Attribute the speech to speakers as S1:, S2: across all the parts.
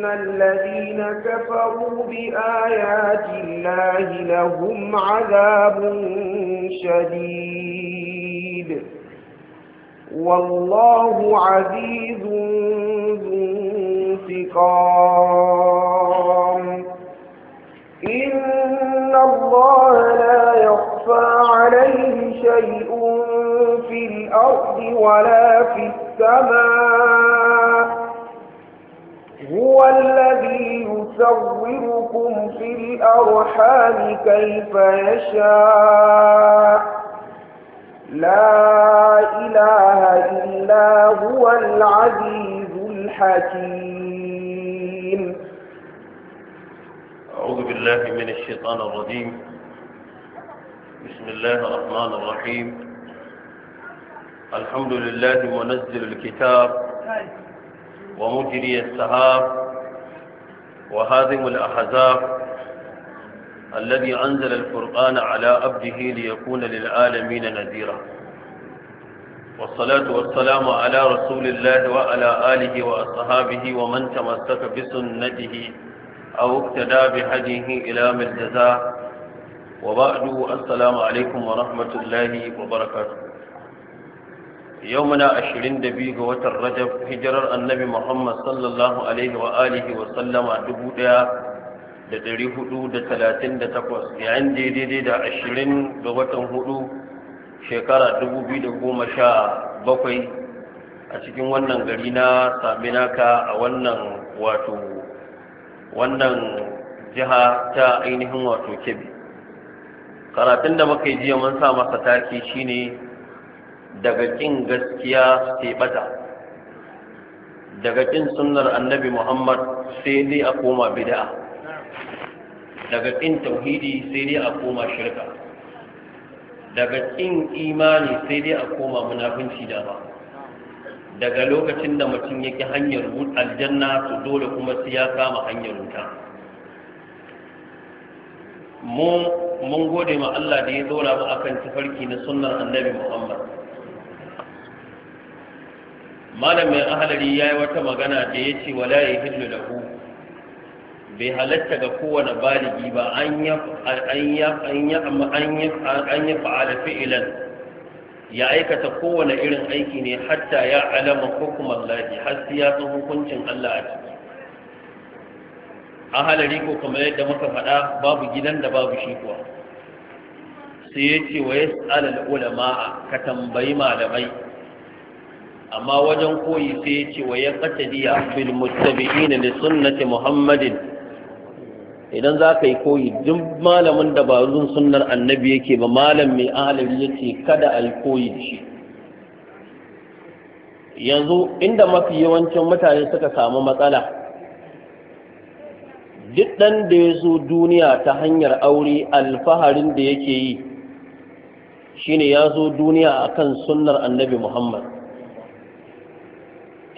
S1: إن الذين كفروا بآيات الله لهم عذاب شديد والله عزيز ذو انتقام إن الله لا يخفى عليه شيء في الأرض ولا في السماء هو الذي يصوركم في الأرحام كيف يشاء لا إله إلا هو العزيز الحكيم
S2: أعوذ بالله من الشيطان الرجيم بسم الله الرحمن الرحيم الحمد لله منزل الكتاب ومجري السحاب وهازم الأحزاب الذي أنزل الفرقان على عبده ليكون للعالمين نذيرا والصلاة والسلام على رسول الله وعلى آله وأصحابه ومن تمسك بسنته أو اقتدى بهديه إلى من جزاه وبعد السلام عليكم ورحمة الله وبركاته يومنا أشرين دبيه وتر رجب هجر النبي محمد صلى الله عليه وآله وسلم دبودا da ɗari hudu da talatin da takwas yayin daidai da ashirin ga watan hudu shekara dubu biyu da goma a cikin wannan gari na saminaka a wannan jiha ta ainihin wato karatun da muka yi jiya mun sa masa taki shine daga kin gaskiya sai bata daga kin sunnar annabi Muhammad sai dai a koma bid'a daga kin tauhidi sai dai a koma shirka daga kin imani sai dai a koma munafinci da ba daga lokacin da mutum yake hanyar aljanna to dole kuma sai ya kama hanyar wuta mun gode ma Allah da ya dora mu akan tafarki na sunnar annabi Muhammad malamin ahalari ya yi wata magana da ya ce wala ya hillu lahu bai halatta ga kowane baligi ba an ya fa'ala fi'ilan ya aikata kowane irin aiki ne hatta ya alama hukumar lafi har ya san hukuncin Allah a ciki ahalari ko kamar yadda muka faɗa babu gidan da babu shi kuwa sai ya ce wa yas'al ulama ka tambayi malamai amma wajen koyi sai ya ce wa ya qatadiya bil muttabi'ina li sunnati muhammadin idan za ka yi koyi duk malamin da ba sunnar annabi yake ba malam mai ahalari ya ce kada alkoyi shi yanzu inda mafi yawancin mutane suka samu matsala duk ɗan da ya zo duniya ta hanyar aure alfaharin da yake yi shine ya zo duniya akan sunnar annabi muhammad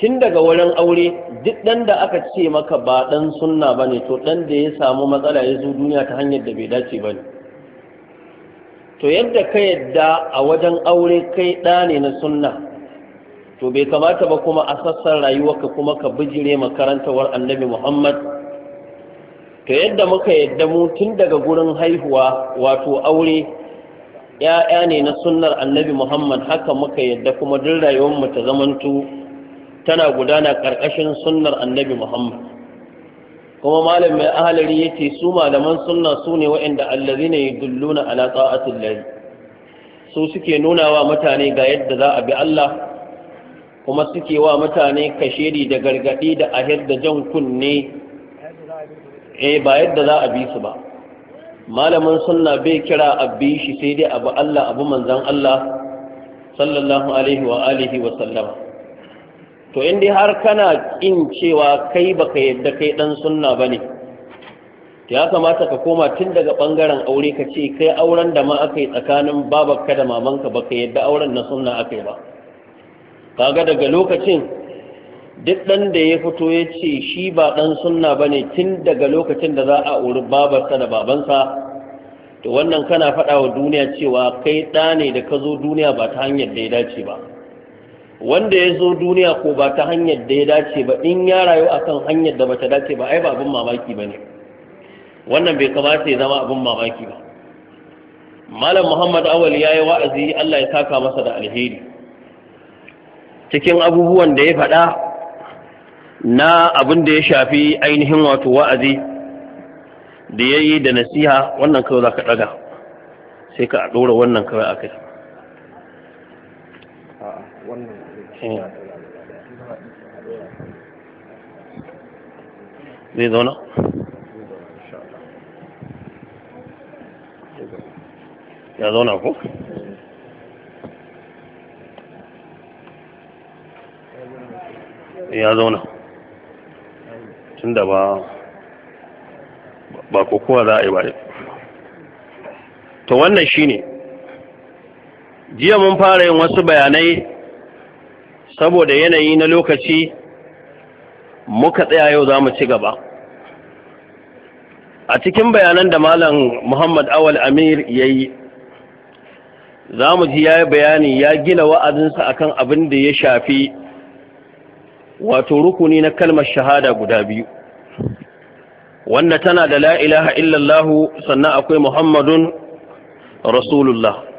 S2: tun daga wurin aure duk ɗan da aka ce maka ba ɗan sunna ba ne to ɗan da ya samu matsala ya zo duniya ta hanyar da bai dace ba ne to yadda ka yadda a wajen aure kai ɗa ne na sunna to bai kamata ba kuma a sassan rayuwarka kuma ka bijire makarantawar annabi muhammad to yadda muka yadda mu tun daga gurin haihuwa wato aure ‘ya'ya ne na sunnar annabi muhammad haka muka yadda kuma duk rayuwarmu ta zamantu tana gudana ƙarƙashin sunnar annabi Muhammad kuma malam mai ahalari ce su malaman sunna su ne waɗanda allazina yadulluna ala ta'atillah su suke nuna wa mutane ga yadda za a bi Allah kuma suke wa mutane kashedi da gargaɗi da ahir da jan kunne eh ba yadda za a bi su ba malamin sunna bai kira a bi shi sai dai abu Allah abu manzan Allah sallallahu alaihi wa alihi wa sallama to in dai har kana kin cewa kai baka yadda kai dan sunna bane to ya kamata ka koma tun daga bangaren aure ka ce kai auren da ma aka yi tsakanin babarka da mamanka baka yadda auren na sunna aka yi ba kaga daga lokacin duk dan da ya fito ya ce shi ba dan sunna bane tun daga lokacin da za a auri babarsa da babansa to wannan kana faɗa wa duniya cewa kai ɗa ne da ka zo duniya ba ta hanyar da ya dace ba wanda ya zo duniya ko ba ta hanyar da ya dace ba in ya rayu a kan hanyar da bata dace ba ai ba abin mamaki ba ne wannan bai kamata ya zama abin mamaki ba malam muhammad awal ya yi wa'azi allah ya saka masa da alheri cikin abubuwan da ya faɗa na abin da ya shafi ainihin wato wa'azi da ya yi da nasiha wannan kawai za ka ɗaga sai ka ɗora wannan kawai a kai Hmm. zai zauna ya zauna ko ya zauna tunda ba ba kokowa za a yi ba to wannan shine jiya mun fara yin wasu bayanai saboda yanayi na lokaci muka tsaya yau za mu ci gaba a cikin bayanan da malam muhammad awal amir ya yi za mu ji ya yi bayani ya gina wa'azinsa akan abin da ya shafi wato rukuni na kalmar shahada guda biyu wanda tana da la ilaha illallahu sannan akwai muhammadun rasulullah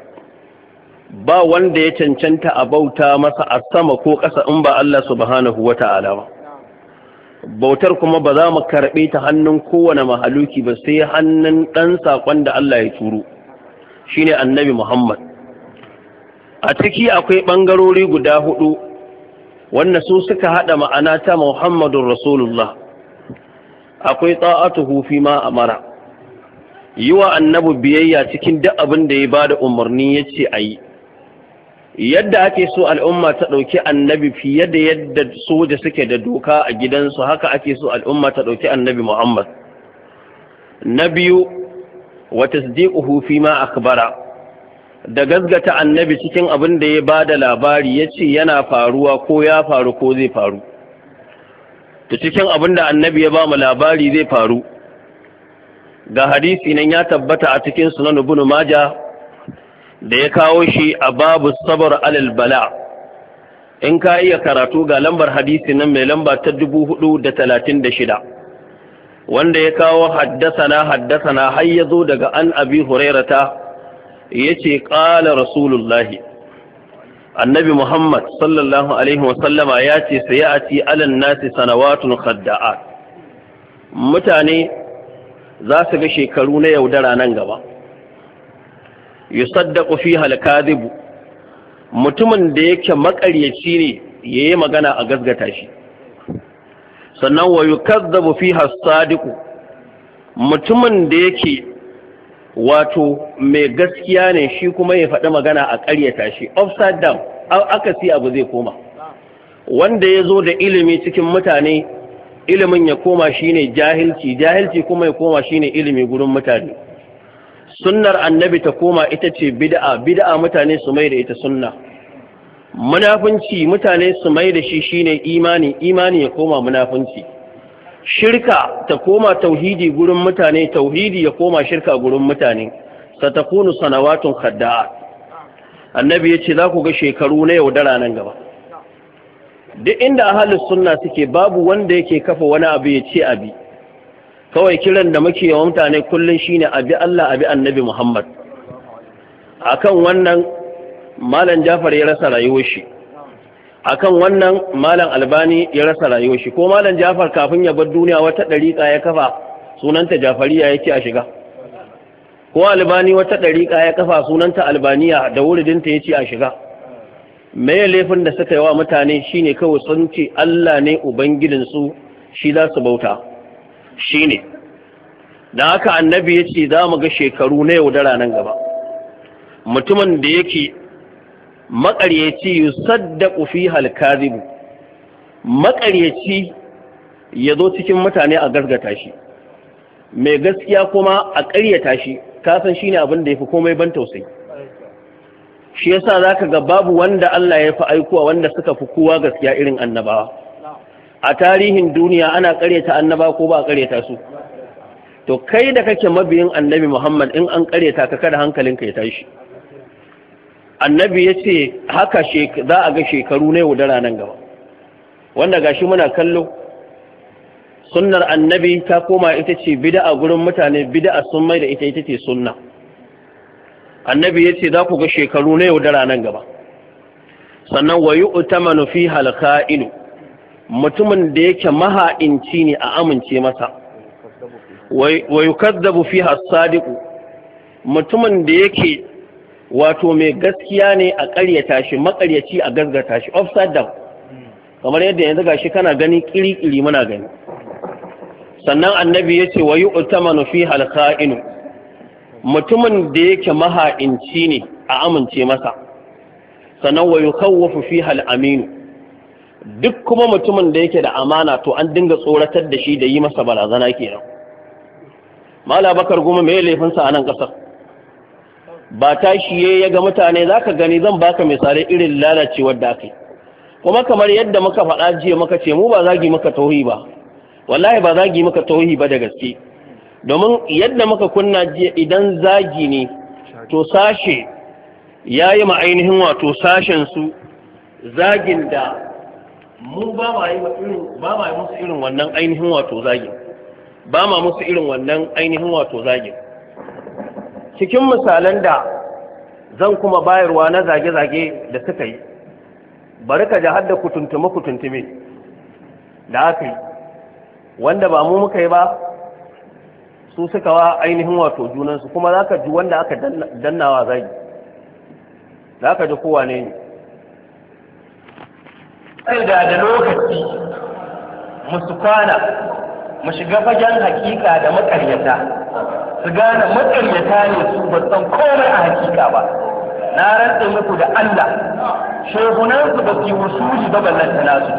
S2: ba wanda ya cancanta a bauta masa a sama ko ƙasa in ba Allah subhanahu wa ta'ala ba bautar kuma ba za mu karɓe ta hannun kowane mahaluki ba sai hannun ɗan saƙon da Allah ya turo shine annabi Muhammad a ciki akwai ɓangarori guda hudu wanda su suka haɗa ma'ana ta Muhammadun Rasulullah akwai ta'atuhu fi ma amara yi wa annabi biyayya cikin duk abin da ya bada umarni ya ce a yi yadda ake so al'umma ta ɗauki annabi fiye da yadda soja suke da doka a gidansu haka ake so al'umma ta ɗauki annabi muhammad na biyu wa tasdiquhu fi ma akbara da gazgata annabi cikin abin da ya ba da labari ya ce yana faruwa ko ya faru ko zai faru to cikin abin da annabi ya ba mu labari zai faru ga hadisi nan ya tabbata a cikin sunan ibn majah da ya kawo shi a babu sabar alal bala in ka iya karatu ga lambar hadisi nan mai lamba ta dubu hudu da talatin da shida wanda ya kawo haddasana haddasana har ya zo daga an abi hurairata ya ce ƙala rasulullahi annabi muhammad sallallahu alaihi wasallama ya ce sai ya ci alan nasi sanawatun khadda'at mutane za su ga shekaru na yaudara nan gaba yusaddaqu fiha al-kadhib mutumin da yake makaryaci ne yayi magana a gasgata shi sannan wa yukazzabu fiha as mutumin da yake wato mai gaskiya ne shi kuma ya faɗi magana a ƙaryata shi upside down aka si abu zai koma wanda ya zo da ilimi cikin mutane ilimin ya koma shine jahilci jahilci kuma ya koma shine ilimi gurin mutane sunnar annabi ta koma ita ce bid'a bid'a mutane su mai da ita sunna munafunci mutane su mai da shi shine imani imani ya koma munafunci shirka ta koma tauhidi gurin mutane tauhidi ya koma shirka gurin mutane satakunu sanawatun khadda'a annabi ya ce za ku ga shekaru na yaudara nan gaba duk inda ahalin sunna suke babu wanda yake kafa wani abu ya ce abi kawai kiran da muke yawan mutane kullum shine abi Allah abi annabi Muhammad akan wannan malam Jafar ya rasa rayuwar shi akan wannan malam Albani ya rasa rayuwar shi ko malam Jafar kafin ya bar duniya wata dariƙa ya kafa sunanta Jafariya yake a shiga ko Albani wata dariƙa ya kafa sunanta Albaniya da wuridinta yace a shiga me laifin da suka yi wa mutane shine kawai sun ce Allah ne ubangijinsu shi za su bauta shine Da haka annabi ya ce za mu ga shekaru na yau da nan gaba mutumin da yake maƙaryaci yusaddaqu fi al-kadhib maƙaryaci ya zo cikin mutane a gargata shi mai gaskiya kuma a ƙaryata shi kasan shine abin da ya fi komai ban tausayi shi yasa ka ga babu wanda Allah ya fi aikowa wanda suka fi kowa gaskiya irin annabawa a tarihin duniya ana karyata annaba ko ba karyata su to kai da kake mabiyin annabi Muhammad in an karyata ka kada hankalinka ya tashi annabi ya ce haka za a ga shekaru na yau da gaba wanda gashi muna kallo sunnar annabi ta koma ita ce bida'a gurin mutane bida'a sun mai da ita ita ce sunna annabi ya ce za ku ga shekaru na yau da gaba sannan wayu utamanu fi halka'ilu mutumin da yake maha'inci ne a amince masa wa yukaddabu fiha as-sadiqu mutumin da yake wato mai gaskiya ne a ƙaryata shi maƙaryaci a gaskata shi upside kamar yadda yanzu gashi kana gani kiri-kiri muna gani sannan annabi ya ce wa yi utamanu fi halka'inu mutumin da yake maha'inci ne a amince masa sannan wa yi fi hal'aminu duk kuma mutumin da yake da amana to an dinga tsoratar da shi da yi masa barazana kenan mala bakar goma mai laifinsa a nan ƙasar ba ta shi ya ga mutane za ka gani zan baka misali irin lalacewar da aka kuma kamar yadda muka faɗa jiya muka ce mu ba zagi muka tauhi ba wallahi ba zagi muka tauhi ba da gaske domin yadda muka kunna jiya idan zagi ne to sashe ya yi ma ainihin wato sashen su zagin da mu ba ma yi irin ba ma yi musu irin wannan ainihin wato zagin ba ma musu irin wannan ainihin wato zagin cikin misalan da zan kuma bayarwa na zage-zage da suka yi bari ka ji har da kutuntume kutuntume da aka yi wanda ba mu muka yi ba su suka wa ainihin wato junansu kuma za ka ji wanda aka dannawa zagi za ka ji kowa ne ne sai da da lokaci musu kwana mu shiga fagen hakika da makaryata su gane makaryata ne su ba san komai a hakika ba na rantsa muku da Allah shehunansu ba su yi wusuli ba ballanta nasu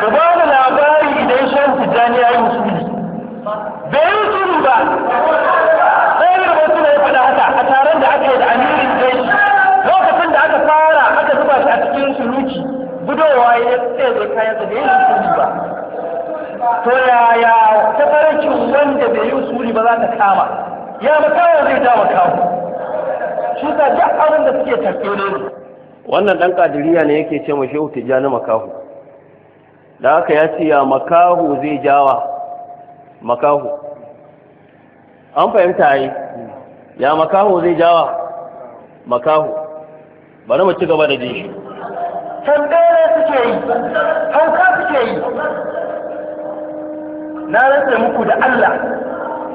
S2: ku ba mu labari idan
S1: shan su tijjani ya yi wusuli bai yi wusuli ba sai da wasu na yi faɗa haka a taron da aka yi da amirin zai lokacin da aka fara aka
S2: zuba shi a cikin suluki gudowa ya tsaye da kayan sa da yi suri ba
S3: to yaya tafarkin wanda bai yi suri
S2: ba za ta kama ya makawa zai ja makawa shi ta duk abin da suke tafiye ne wannan dan kadiriya ne yake ce mashi shehu na makahu da haka ya ce ya makahu zai jawa makahu an fahimta yi ya makahu zai jawa makahu bari mu ci gaba da jin shi tambaye suke yi hauka suke yi na rasa muku da Allah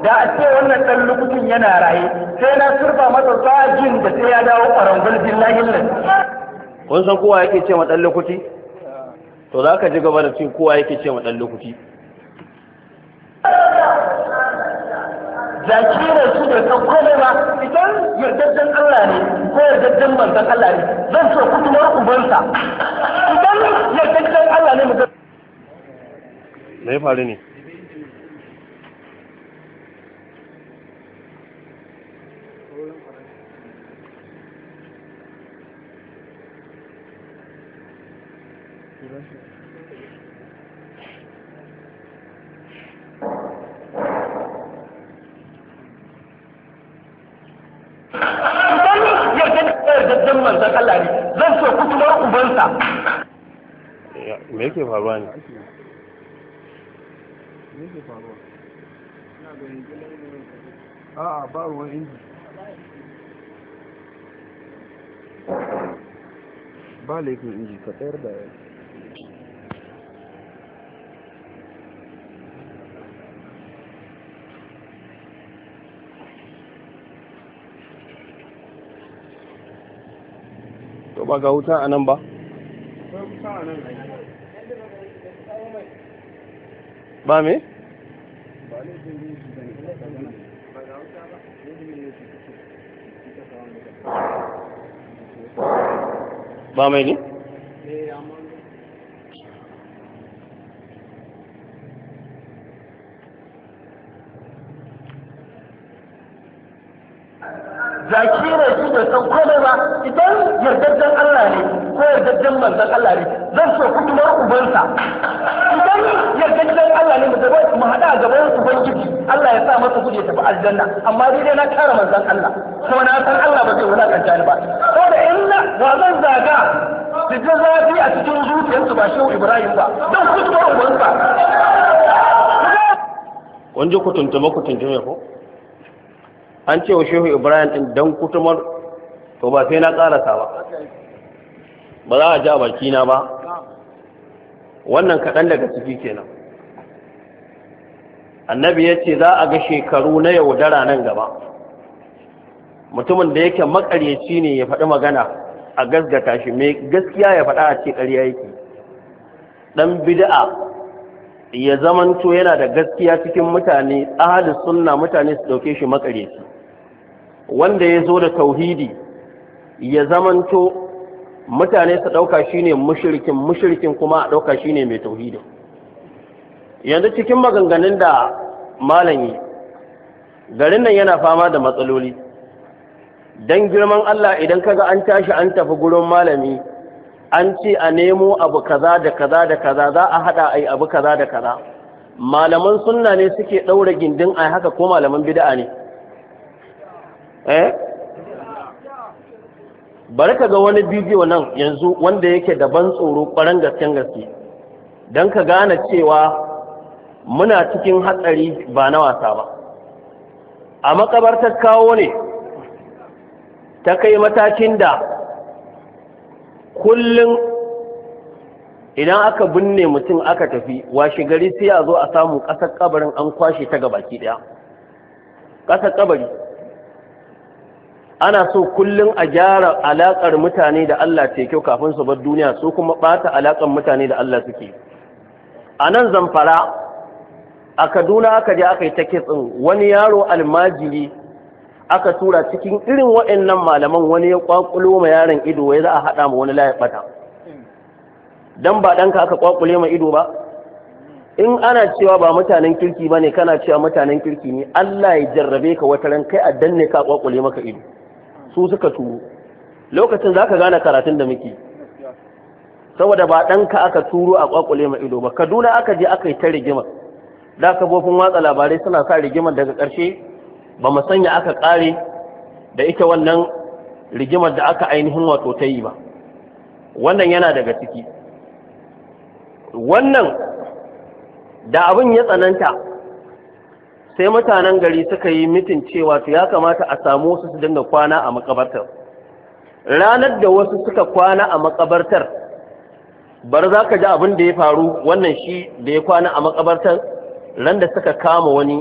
S2: da a ce wannan ɗan lokacin yana raye
S1: sai na surfa masa tsajin da sai ya dawo ƙwarangul lahin nan
S2: kun san kowa yake ce ma ɗan lokaci to za ka ji gaba da cin kowa yake ce ma ɗan lokaci da su da san komai ba idan yardajjen Allah ne ko yardajjen manzon Allah ne zan so ku kutumar ubansa idan yardajjen Allah ne mu me ya faru ne
S3: gabansa
S2: me yake faruwa ne
S1: me yake faruwa a'a ba ruwan inji ba laifin inji ka tsayar da yau
S2: ba ga wuta a nan ba ba me ba mai ne
S3: zakira su da san komai ba idan yardajjen
S2: yardajen manzon Allah ne zan so kutumar ubansa idan yardajen Allah ne mu zaba mu hada gaban ubangiji Allah ya sa masa kuje tafi aljanna amma ni dai na kare manzon Allah kuma na san Allah ba zai wulakanta ni ba ko saboda inna wa zan zaga su ji zafi a cikin zuciyarsu ba shehu Ibrahim ba dan kutumar ubansa kun ji kutuntuma kutuntuma ko an ce wa shehu Ibrahim din dan kutumar to ba sai na karasa ba ba za a ja bakina ba wannan kaɗan daga ciki kenan annabi ya ce za a ga shekaru na yaudara nan gaba mutumin da yake makaryaci ne ya faɗi magana a gasgata shi mai gaskiya ya faɗa a ce ƙarya yake ɗan bida'a ya zamanto yana da gaskiya cikin mutane ahadis sunna mutane su ɗauke shi makaryaci wanda ya zo da tauhidi ya zamanto mutane su ɗauka shine mushirikin, mushirikin kuma a ɗauka shine mai tauhidin yanzu cikin maganganun da malami garin nan yana fama da matsaloli don girman Allah idan kaga an tashi an tafi gurin malami an ce a nemo abu kaza da kaza da kaza za a haɗa a yi abu kaza da kaza malaman sunna ne suke ɗaura gindin a haka ko malaman bida'a ne eh bari ka ga wani bidiyo nan yanzu wanda yake da ban tsoro ƙwaron gasken gaske don ka gane cewa muna cikin hatsari ba na wasa ba a makabartar kawo ne ta kai matakin da kullum idan aka binne mutum aka tafi washe gari sai a zo a samu ƙasar kabarin an kwashe ta gabaki ɗaya ƙasar kabari ana so kullum a gyara alaƙar mutane da Allah ce kyau kafin su bar duniya su kuma ɓata alaƙar mutane da Allah suke a nan zamfara a kaduna aka je aka yi ta kitsin wani yaro almajiri aka tura cikin irin waɗannan malaman wani ya kwakulo ma yaron ido wai za a haɗa ma wani layar ɓata dan ba ɗanka aka kwakule ma ido ba in ana cewa ba mutanen kirki ba ne kana cewa mutanen kirki ne Allah ya jarrabe ka wata ran kai a danne ka kwakule maka ido su suka turo lokacin za ka gane karatun da muke saboda ba ɗanka aka turo a ƙwaƙwale mai ido ba kaduna aka je aka yi ta rigima da kafofin watsa labarai suna sa rigimar daga ƙarshe ba mu sanya aka ƙare da ita wannan rigimar da aka ainihin wato ta yi ba wannan yana daga ciki wannan da abin ya tsananta sai mutanen gari suka yi mitin cewa to ya kamata a samu wasu su dinga kwana a makabartar ranar da wasu suka kwana a makabartar bar za ka ji abin da ya faru wannan shi da ya kwana a makabartar ran da suka kama wani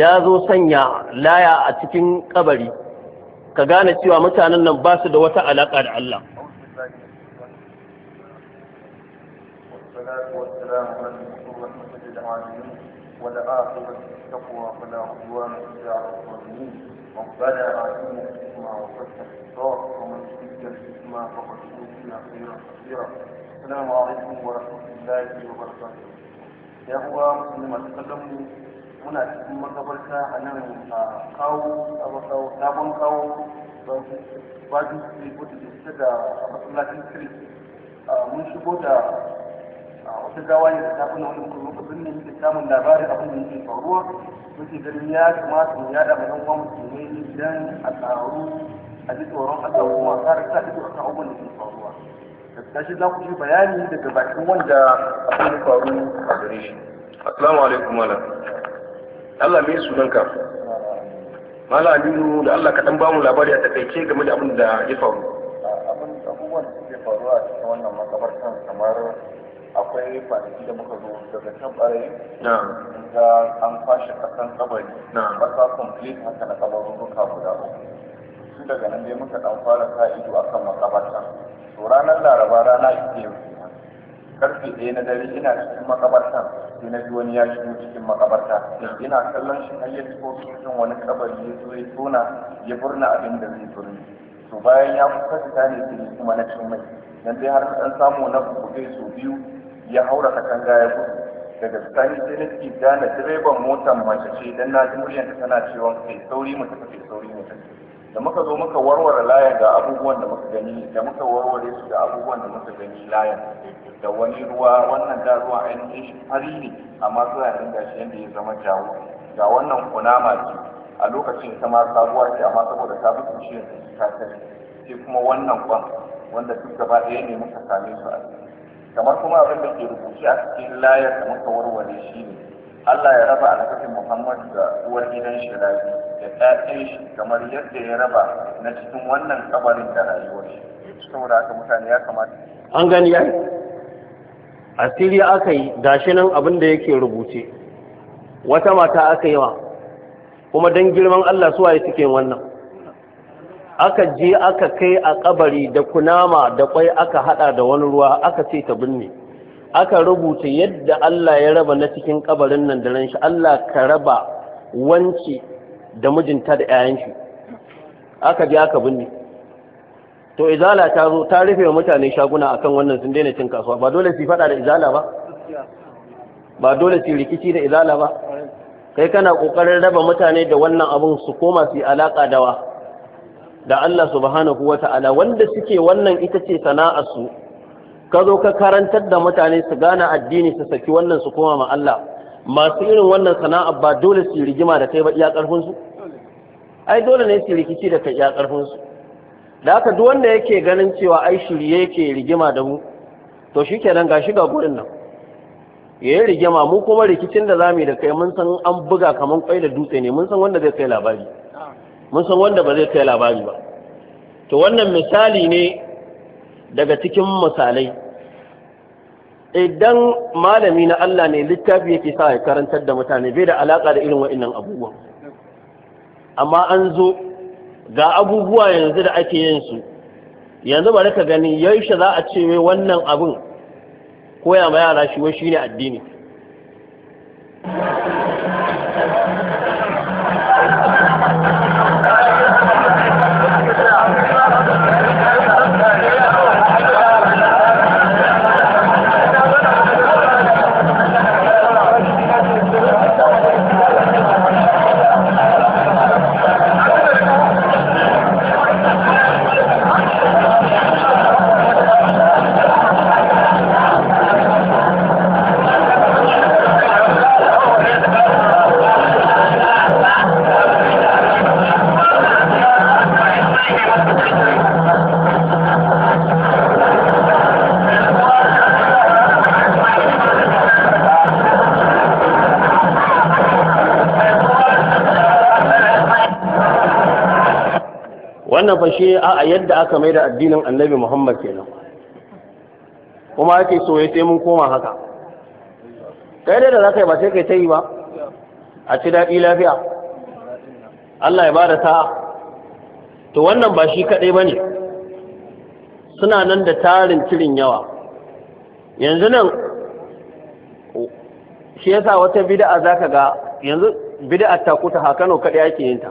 S2: ya zo sanya laya a cikin kabari ka gane cewa mutanen nan ba su da wata alaƙa da Allah
S1: والآخرة التقوى فلا عدوان إلا على الظالمين ربنا آتنا الحكمة وحسن الإصرار ومن يؤتى الحكمة فقد
S2: أوتي خيرا كثيرا السلام عليكم ورحمة الله وبركاته يا هو مسلم أتكلم muna cikin makabarta a nan a kawo a sabon kawo bajin street wadda da da masallacin
S1: street mun A wata gawa ne da ta kuna wani mutum mutum nemi da samun labarin abin da yake faruwa muke ganin ya kamata mu yada mu yan uwan musulmai idan a taru a ji tsoron a tsawo ma har ta ji tsoron abubuwan da ke faruwa
S2: da shi za ku yi bayani daga bakin wanda abin da faru a gare shi assalamu alaikum malam Allah me sunanka Malam Aminu da Allah kaɗan ba mu labari a takaice game da abin da ya faru abin abubuwan da ke faruwa a cikin wannan makabartan kamar akwai kwanaki da muka zo daga can ɓarayin ga an kwashe ƙasan kabari ƙasa complete haka na kabarin ruka guda uku Su daga nan dai muka ɗan fara sa ido a kan makabarta to ranar laraba rana ita yau karfe ɗaya na dare ina cikin makabartan sai na bi wani ya shigo cikin makabarta ina kallon shi har ya shigo cikin wani kabari ya zo ya tona ya burna abin da zai burni to bayan ya kusa fita ne sai kuma na cin mai dan dai har ka ɗan samu na buɗe sau biyu ya haura katanga ya gudu daga bisani sai na ci na direban motan mace ce dan na ji muryar ta tana cewa kai sauri mu tafi ke sauri mu tafi da muka zo muka warware layan ga abubuwan da muka gani da muka warware su da abubuwan da muka gani layan da wani ruwa wannan da ruwa yi shi fari ne amma suna dinga shi yadda ya zama jawo ga wannan kunama ce a lokacin ta ma sabuwa ce amma saboda ta fi tushe ta sai kuma wannan kwan wanda duk gaba ɗaya ne muka same su a kamar kuma abin da ke rubuce a cikin layar da muka warware shi ne Allah ya raba alkafin Muhammad da uwar gidan shi rabi da ɗaɗin shi kamar yadda ya raba na cikin wannan kabarin da rayuwar shi saboda haka mutane ya kamata an gani ya asiri aka yi gashi nan abin da yake rubuce wata mata aka yi wa kuma don girman Allah suwaye suke wannan aka je aka kai a kabari da kunama da kwai aka hada da wani ruwa aka ce ta binne aka rubuta yadda Allah ya raba na cikin kabarin nan da shi Allah ka raba wanci da mijinta da 'ya'yan shi aka je aka binne to izala ta zo ta rufe wa mutane shaguna akan wannan sun daina cin kasuwa ba dole su fada da izala ba ba dole su rikici da izala ba kai kana kokarin raba mutane da wannan abun su koma su yi alaka wa? da Allah subhanahu wa ta'ala wanda suke wannan ita ce sana'arsu ka zo ka karantar da mutane su gane addini su saki wannan su koma ma Allah masu irin wannan sana'a ba dole su rigima da kai ba iya karfin ai dole ne su rikici da kai iya karfin da haka duk wanda yake ganin cewa ai shirye yake rigima da mu to shikenan gashi ga gurin nan yayi rigima mu kuma rikicin da zamu yi da kai mun san an buga kamar kwai da dutse ne mun san wanda zai kai labari mun san wanda ba zai kai labari ba to wannan misali ne daga cikin misalai idan malami na Allah ne littafi yake sa ya karantar da mutane bai da alaka da irin wa'annan abubuwan amma an zo ga abubuwa yanzu da ake yin su yanzu ba ka gani yaushe za a ce wannan abin koya ma yara shi wai shine addini fashe a yadda aka mai da addinin annabi muhammad kenan kuma ake so ya sai mun koma haka kai dai da za ka yi ba sai kai ta yi ba a ci daɗi lafiya allah ya ba da to wannan ba shi kaɗai ba ne suna nan da tarin cirin yawa yanzu nan shi yasa wata bida'a za ka ga yanzu bida'a ta kuta hakano kaɗai ake yin ta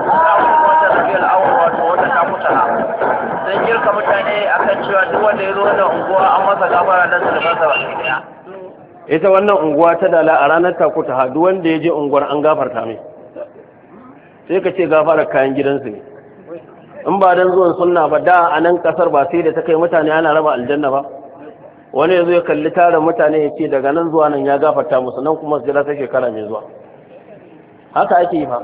S2: ita wannan unguwa ta dala a ranar taku ta hadu wanda ya je unguwar an gafarta mai sai ka ce gafarar kayan gidansu ne in ba don zuwan sunna ba da a nan kasar ba sai da ta kai mutane ana raba aljanna ba wani ya zo ya kalli tara mutane ya ce daga nan zuwa nan ya gafarta musu nan kuma su jira sai shekara mai zuwa haka ake yi fa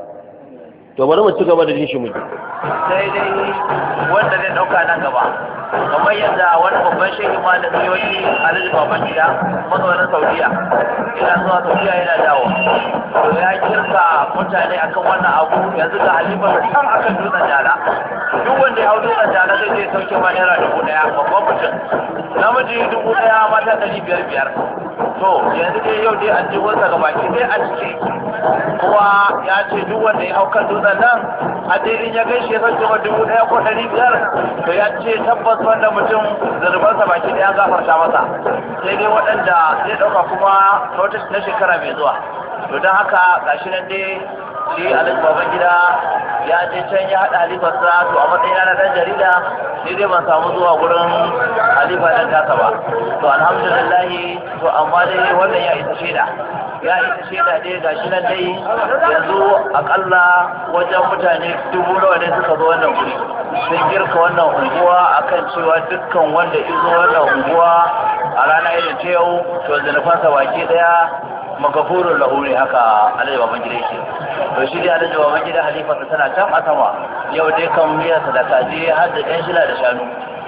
S2: to bari mu ci gaba da jin shi mu sai dai wanda zai dauka nan gaba kamar yadda wani babban shehi zai yoyi alhaji babban gida mazaunin saudiya yana zuwa saudiya yana dawo to ya kirka mutane akan wannan abu yanzu ga halifar shan akan dutsen jala duk wanda ya hau dutsen jala zai je sauke ma naira dubu daya babban mutum namiji dubu daya mata ɗari biyar biyar to yanzu dai yau dai an ji wasa ga baki dai a cike kuma ya ce duk wanda ya hau kan dutsen nan a daidai ya gaishe sauke ma dubu daya ko ɗari biyar to ya ce tabbas wanda mutum sa baki ɗaya gafarta masa sai dai waɗanda zai ɗauka kuma notice na shekara mai zuwa to don haka gashi nan dai shi alhaji baban gida ya je can ya haɗa halifa sa to a matsayin na ɗan jarida ni dai ban samu zuwa gurin halifa dan kasa ba to alhamdulillah to amma dai wannan ya isa shaida ya isa shaida dai ga shi nan dai yanzu akalla wajen mutane dubu nawa ne suka zo wannan guri sun girka wannan unguwa akan cewa dukkan wanda izo wannan unguwa a rana irin ta yau to zinufansa baki ɗaya. magafurun lahuri haka alaiwa baban shi to shi dai alaiwa baban halifa ta tana can a sama yau dai kan miya sadaka je har da ɗan shila da shanu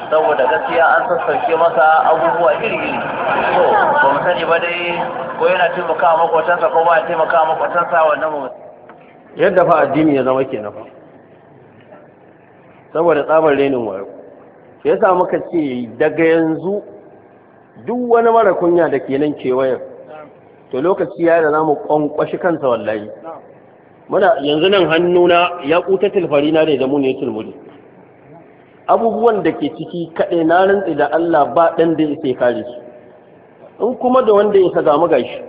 S2: saboda gaskiya an sassauke masa abubuwa iri-iri to ba mu sani ba dai ko yana taimakawa makwatansa ko ba ya taimaka taimakawa makwatansa wannan mu yadda fa addini ya zama kenan fa saboda tsabar renin wayo Ya yasa muka ce daga yanzu duk wani mara kunya da ke nan kewayen to lokaci ya da zamu kwankwashi kansa wallahi muna yanzu nan hannuna ya tilfari na da zamu ne tilmuri abubuwan da ke ciki kaɗai na rantsi da Allah ba ɗan da ya kare su in kuma da wanda ya saga gashi?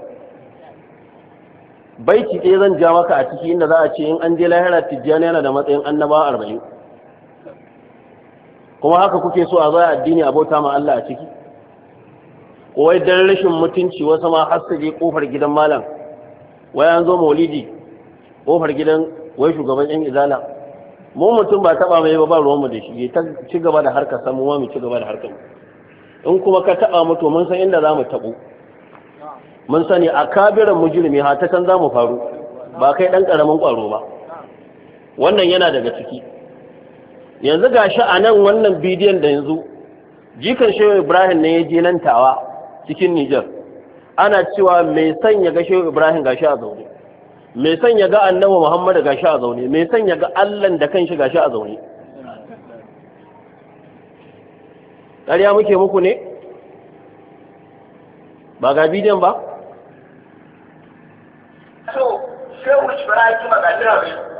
S2: Bai baiti ɗaya zan ja maka a ciki inda za a ce in an je lahira tijjani yana da matsayin annaba arba'in kuma haka kuke so a zai addini abota ma Allah a ciki wai dan rashin mutunci wasu ma har su je kofar gidan malam wai an zo maulidi kofar gidan wai shugaban yan izala mu mutum ba taba mai ba ba ruwan mu da shi ta ci gaba da harkar san mu ma mu ci gaba da harkar in kuma ka taba mu to mun san inda zamu tabo mun sani a kabiran mujrimi ha ta kan zamu faru ba kai dan karamin kwaro ba wannan yana daga ciki yanzu gashi a nan wannan bidiyon da yanzu jikan shehu ibrahim ne ya je nan tawa cikin Nijar ana cewa mai sanya ga Shehu Ibrahim gashi a zaune mai sanya ga Annabi Muhammad gashi a zaune mai sanya ga Allah da kanshi gashi a zaune Ƙariya muke muku ne ba ga bidiyon ba
S1: so shehu Ibrahim a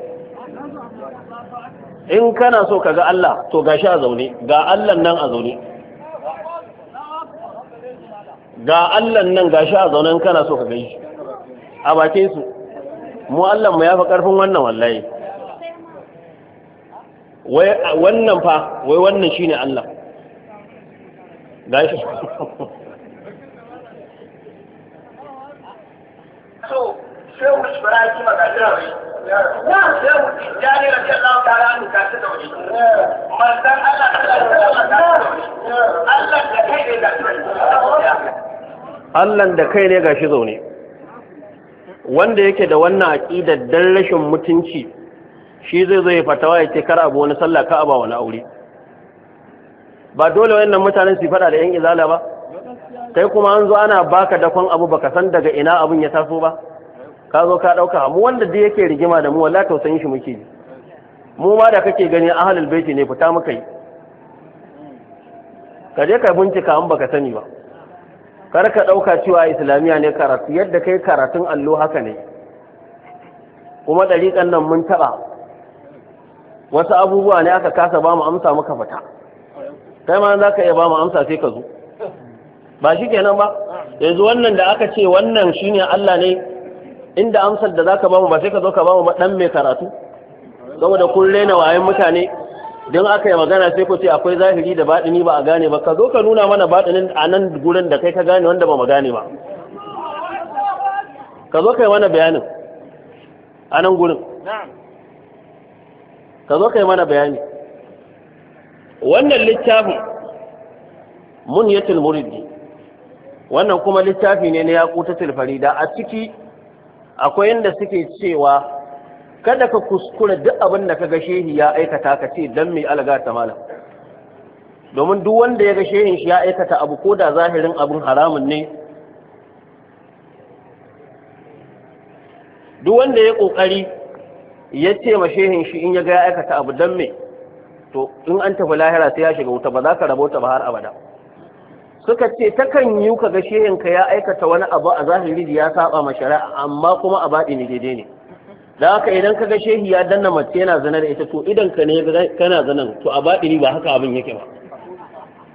S2: in kana so ka ga Allah to ga shi a zaune ga Allah nan a zaune ga Allah nan ga shi a zaune kana so ka ga shi a bakin su mu Allah mu yafi karfin wannan wallahi wai wannan fa wai wannan shine Allah shi
S1: so sai usbara ki magana Allah
S2: da kai ne ga shi zaune. Wanda yake da wannan aƙidar dan rashin mutunci shi zai zo ya fatawa ya ce kar abu wani sallah ka aba wani aure. Ba dole wayannan mutanen su faɗa da 'yan izala ba, kai kuma an zo ana baka dakon abu baka san daga ina abin ya taso ba. ka zo ka ɗauka mu wanda duk yake rigima da mu wallahi tausayin shi muke ji mu ma da kake gani ahlul baiti ne fita muka yi ka je ka bincika an baka sani ba kar ka ɗauka cewa islamiyya ne karatu yadda kai karatun allo haka ne kuma ɗariƙan nan mun taɓa wasu abubuwa ne aka kasa ba mu amsa muka fita kai ma za ka iya ba mu amsa sai ka zo ba shi kenan ba yanzu wannan da aka ce wannan shine Allah ne inda amsar da zaka bamu ba sai ka zo ka bamu dan mai karatu saboda kun rena wayan mutane don aka yi magana sai ku ce akwai zahiri da baɗini ba a gane ba ka zo ka nuna mana baɗinin a nan gurin da kai ka gane wanda ba mu gane ba ka zo ka yi mana bayanin a nan gurin ka zo ka yi mana bayani wannan littafin mun yatil muridi wannan kuma littafi ne na yaƙutatul farida a ciki akwai inda suke cewa kada ka kuskura duk abin da ka ga shehi ya aikata ka ce dan mai alaga ta malam domin duk wanda ya ga shehin shi ya aikata abu ko da zahirin abin haramun ne duk wanda ya kokari ya ce ma shehin shi in ya ga ya aikata abu dan me to in an tafi lahira sai ya shiga wuta ba za ka rabota ba har abada suka ce ta takan yi ga shehinka ya aikata wani abu a zahiri ya saba ma shari'a amma kuma a baɗi ne daidai ne da haka idan ka ga shehi ya danna mace yana zana da ita to idan ka ne kana zanan to a baɗi ba haka abin yake ba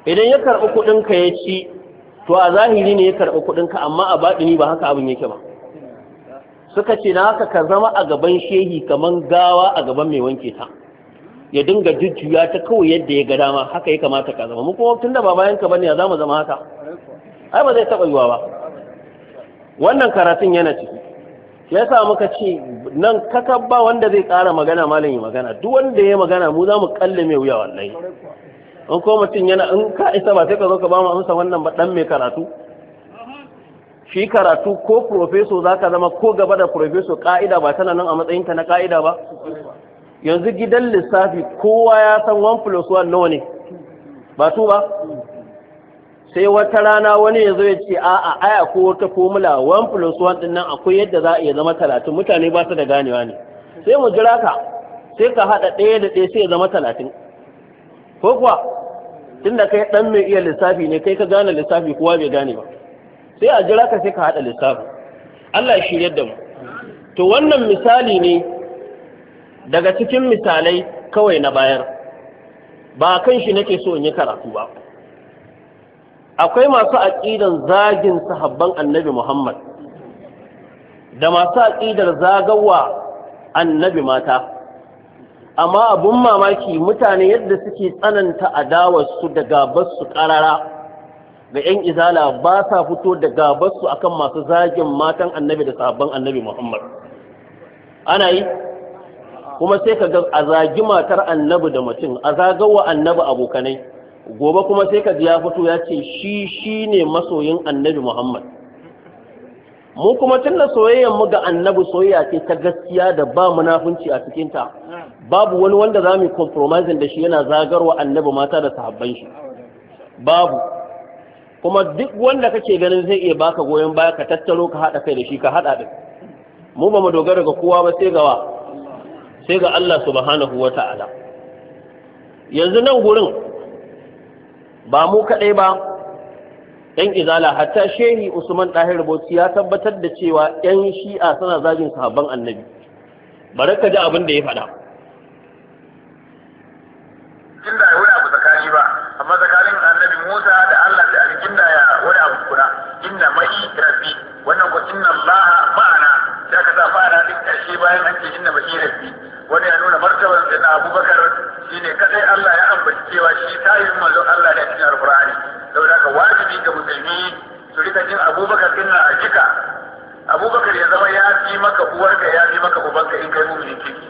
S2: idan ya karɓi kuɗin ka ya ci to a zahiri ne ya karɓi kuɗin ka amma a baɗi ba haka abin yake ba suka ce na haka ka zama a gaban shehi kaman gawa a gaban mai wanke ta ya dinga jujjuya ta kawai yadda ya ga dama haka ya kamata ka zama mu kuma da ba bayan ka bane ya zama zama haka ai ba zai taba yiwa ba wannan karatun yana ciki ya sa muka ce nan kakabba wanda zai kara magana malam yi magana duk wanda ya magana mu za mu kalle mai wuya wallahi in ko mutum yana in ka isa ba sai ka zo ka ba mu amsa wannan ba dan mai karatu shi karatu ko profeso zaka zama ko gaba da profeso ka'ida ba tana nan a ta na ka'ida ba yanzu gidan lissafi kowa ya san 1 plus 1 nawa ne ba tu ba sai wata rana wani ya zo ya ce a aya ko wata formula 1 plus 1 din nan akwai yadda za a iya zama talatin mutane ba su da ganewa ne sai mu jira ka sai ka haɗa ɗaya da ɗaya sai ya zama talatin ko kuwa tunda kai ɗan mai iya lissafi ne kai ka gane lissafi kowa bai gane ba sai a jira ka sai ka haɗa lissafi Allah shi yadda mu to wannan misali ne daga cikin misalai kawai na bayar ba kan shi nake so in yi karatu ba akwai masu aƙidan zagin sahabban annabi Muhammad da masu aƙidar zagawa annabi mata amma abun mamaki mutane yadda suke tsananta su da su ƙarara ga 'yan izala ba sa fito da su akan masu zagin matan annabi da sahabban annabi muhammad ana yi kuma sai ka ga a zagi matar annabi da mutum a zagawa annabi abokanai gobe kuma sai ka ji ya fito ya ce shi shi ne masoyin annabi muhammad mu kuma tun da soyayyar mu ga annabi soyayya ce ta gaskiya da ba munafunci a cikinta babu wani wanda za mu compromising da shi yana zagarwa annabi mata da sahabban shi babu kuma duk wanda kake ganin zai iya baka goyon baya ka tattaro ka haɗa kai da shi ka haɗa din mu ba mu dogara ga kowa ba sai gawa sai ga Allah subhanahu wa ta'ala yanzu nan gurin ba mu kaɗai ba ‘yan izala hatta shehi usman ɗahir bauchi ya tabbatar da cewa ‘yan shi'a suna zagin sahabban annabi bari ka ji abin da ya faɗa inda ba amma tsakanin musa da allah da ya wani abu wannan kwa inna ma'ana sai ka sa ma'ana duk ƙarshe bayan an ce inna bashirar rabbi da abubakar shi ne kadai Allah ya ambaci cewa shi tayin mazo Allah da cikin Da saboda haka wajibi ga musulmi su rika jin abubakar din na ajika abubakar ya zama ya fi maka uwarka ya fi maka ubanka in kai mumini kirki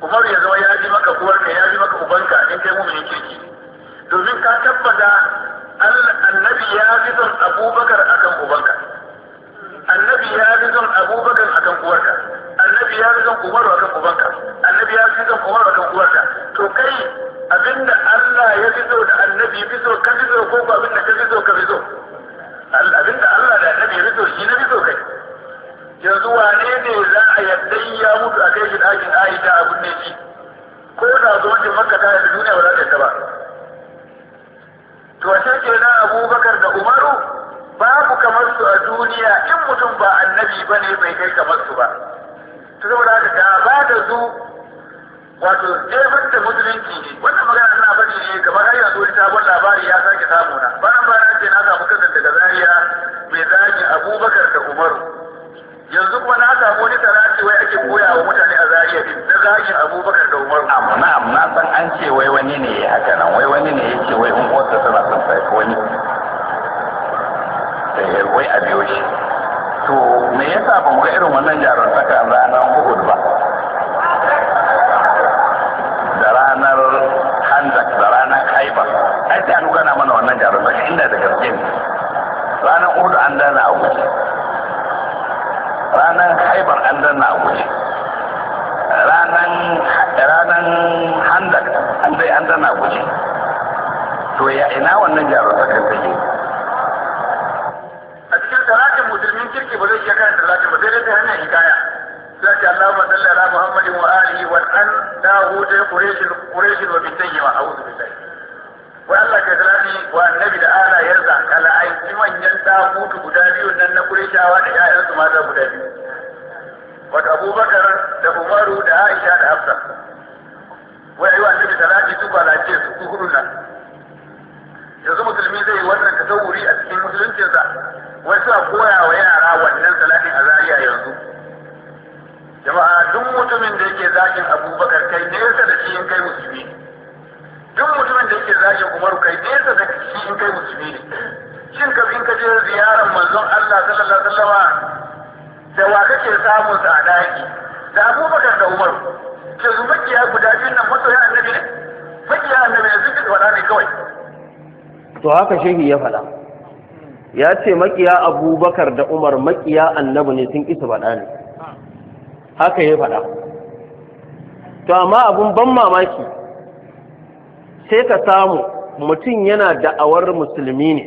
S2: umar ya zama ya fi maka uwarka ya fi maka ubanka in kai mumini kirki domin ka tabbata annabi ya fi son abubakar akan ubanka annabi ya fi son abubakar akan uwarka annabi ya zan wa kan ubanka annabi ya zan wa kan uwarka to kai abinda Allah ya zo da annabi zo ka zo ko ba abinda ka zo ka bizo abinda Allah da annabi ya zo shi na zo kai yanzu wane ne za a yadda ya mutu a kai shi ɗakin Aisha a ne shi ko da wajen Makka ta yi duniya ba za ta yadda ba to ashe kenan Abubakar da Umaru babu kamar su a duniya in mutum ba annabi bane bai kai kamar su ba ta saboda da da ba da su wato jefar da musulunci ne wannan magana tana faɗi ne kamar har yanzu wani sabon labari ya sake samu na bayan bayan ce na samu kasar daga zariya mai zagi abubakar da umaru yanzu kuma na samu wani karatu wai ake koya wa mutane a zariya din na zagin abubakar da umaru amma amma san an ce wai wani ne ya haka nan wai wani ne ya ce wai in uwarsa tana son sai wani wai a biyo shi to me yasa ban ga irin wannan jaruntaka ranar uhud ba da ranar hanzak da ranar kaiba ai da an gana mana wannan saka inda da gaske ne ranar uhud an dana a wuce ranar haibar an dana a wuce ranar ranar hanzak
S3: an dai an dana a to ya ina wannan saka take
S2: kirki ba zai iya kayan tallafi ba sai dai ta hanyar hikaya sai ce Allahumma salli ala Muhammad wa alihi wa an dahu da Quraysh Quraysh wa bintayyi wa a'udhu billahi wa Allah ka salati wa annabi da ala yarda kala ai manyan dahutu guda biyu nan na wa da ƴaƴansu mata guda biyu wato Abubakar da Umar da Aisha da Hafsa wa ayi wa annabi salati su balace su su hudu nan yanzu musulmi zai yi wannan tasawuri a cikin musuluncinsa wai a koya wa yara yake zagin abubakar kai nesa da shi in kai musulmi duk mutumin da yake zagin umaru kai nesa da shi in kai musulmi ne shin ka in ka je ziyarar manzon Allah sallallahu alaihi wasallam da wa kake samun sa a da abubakar da umaru ke zuwa kiya guda biyun nan masoya annabi ne
S3: makiya annabi ne suke
S2: faɗa ne kawai to haka shehi ya faɗa ya ce makiya abubakar da umar makiya annabi ne sun isa faɗa ne haka ya faɗa to amma abun ban mamaki sai ka samu mutum yana da'awar musulmi ne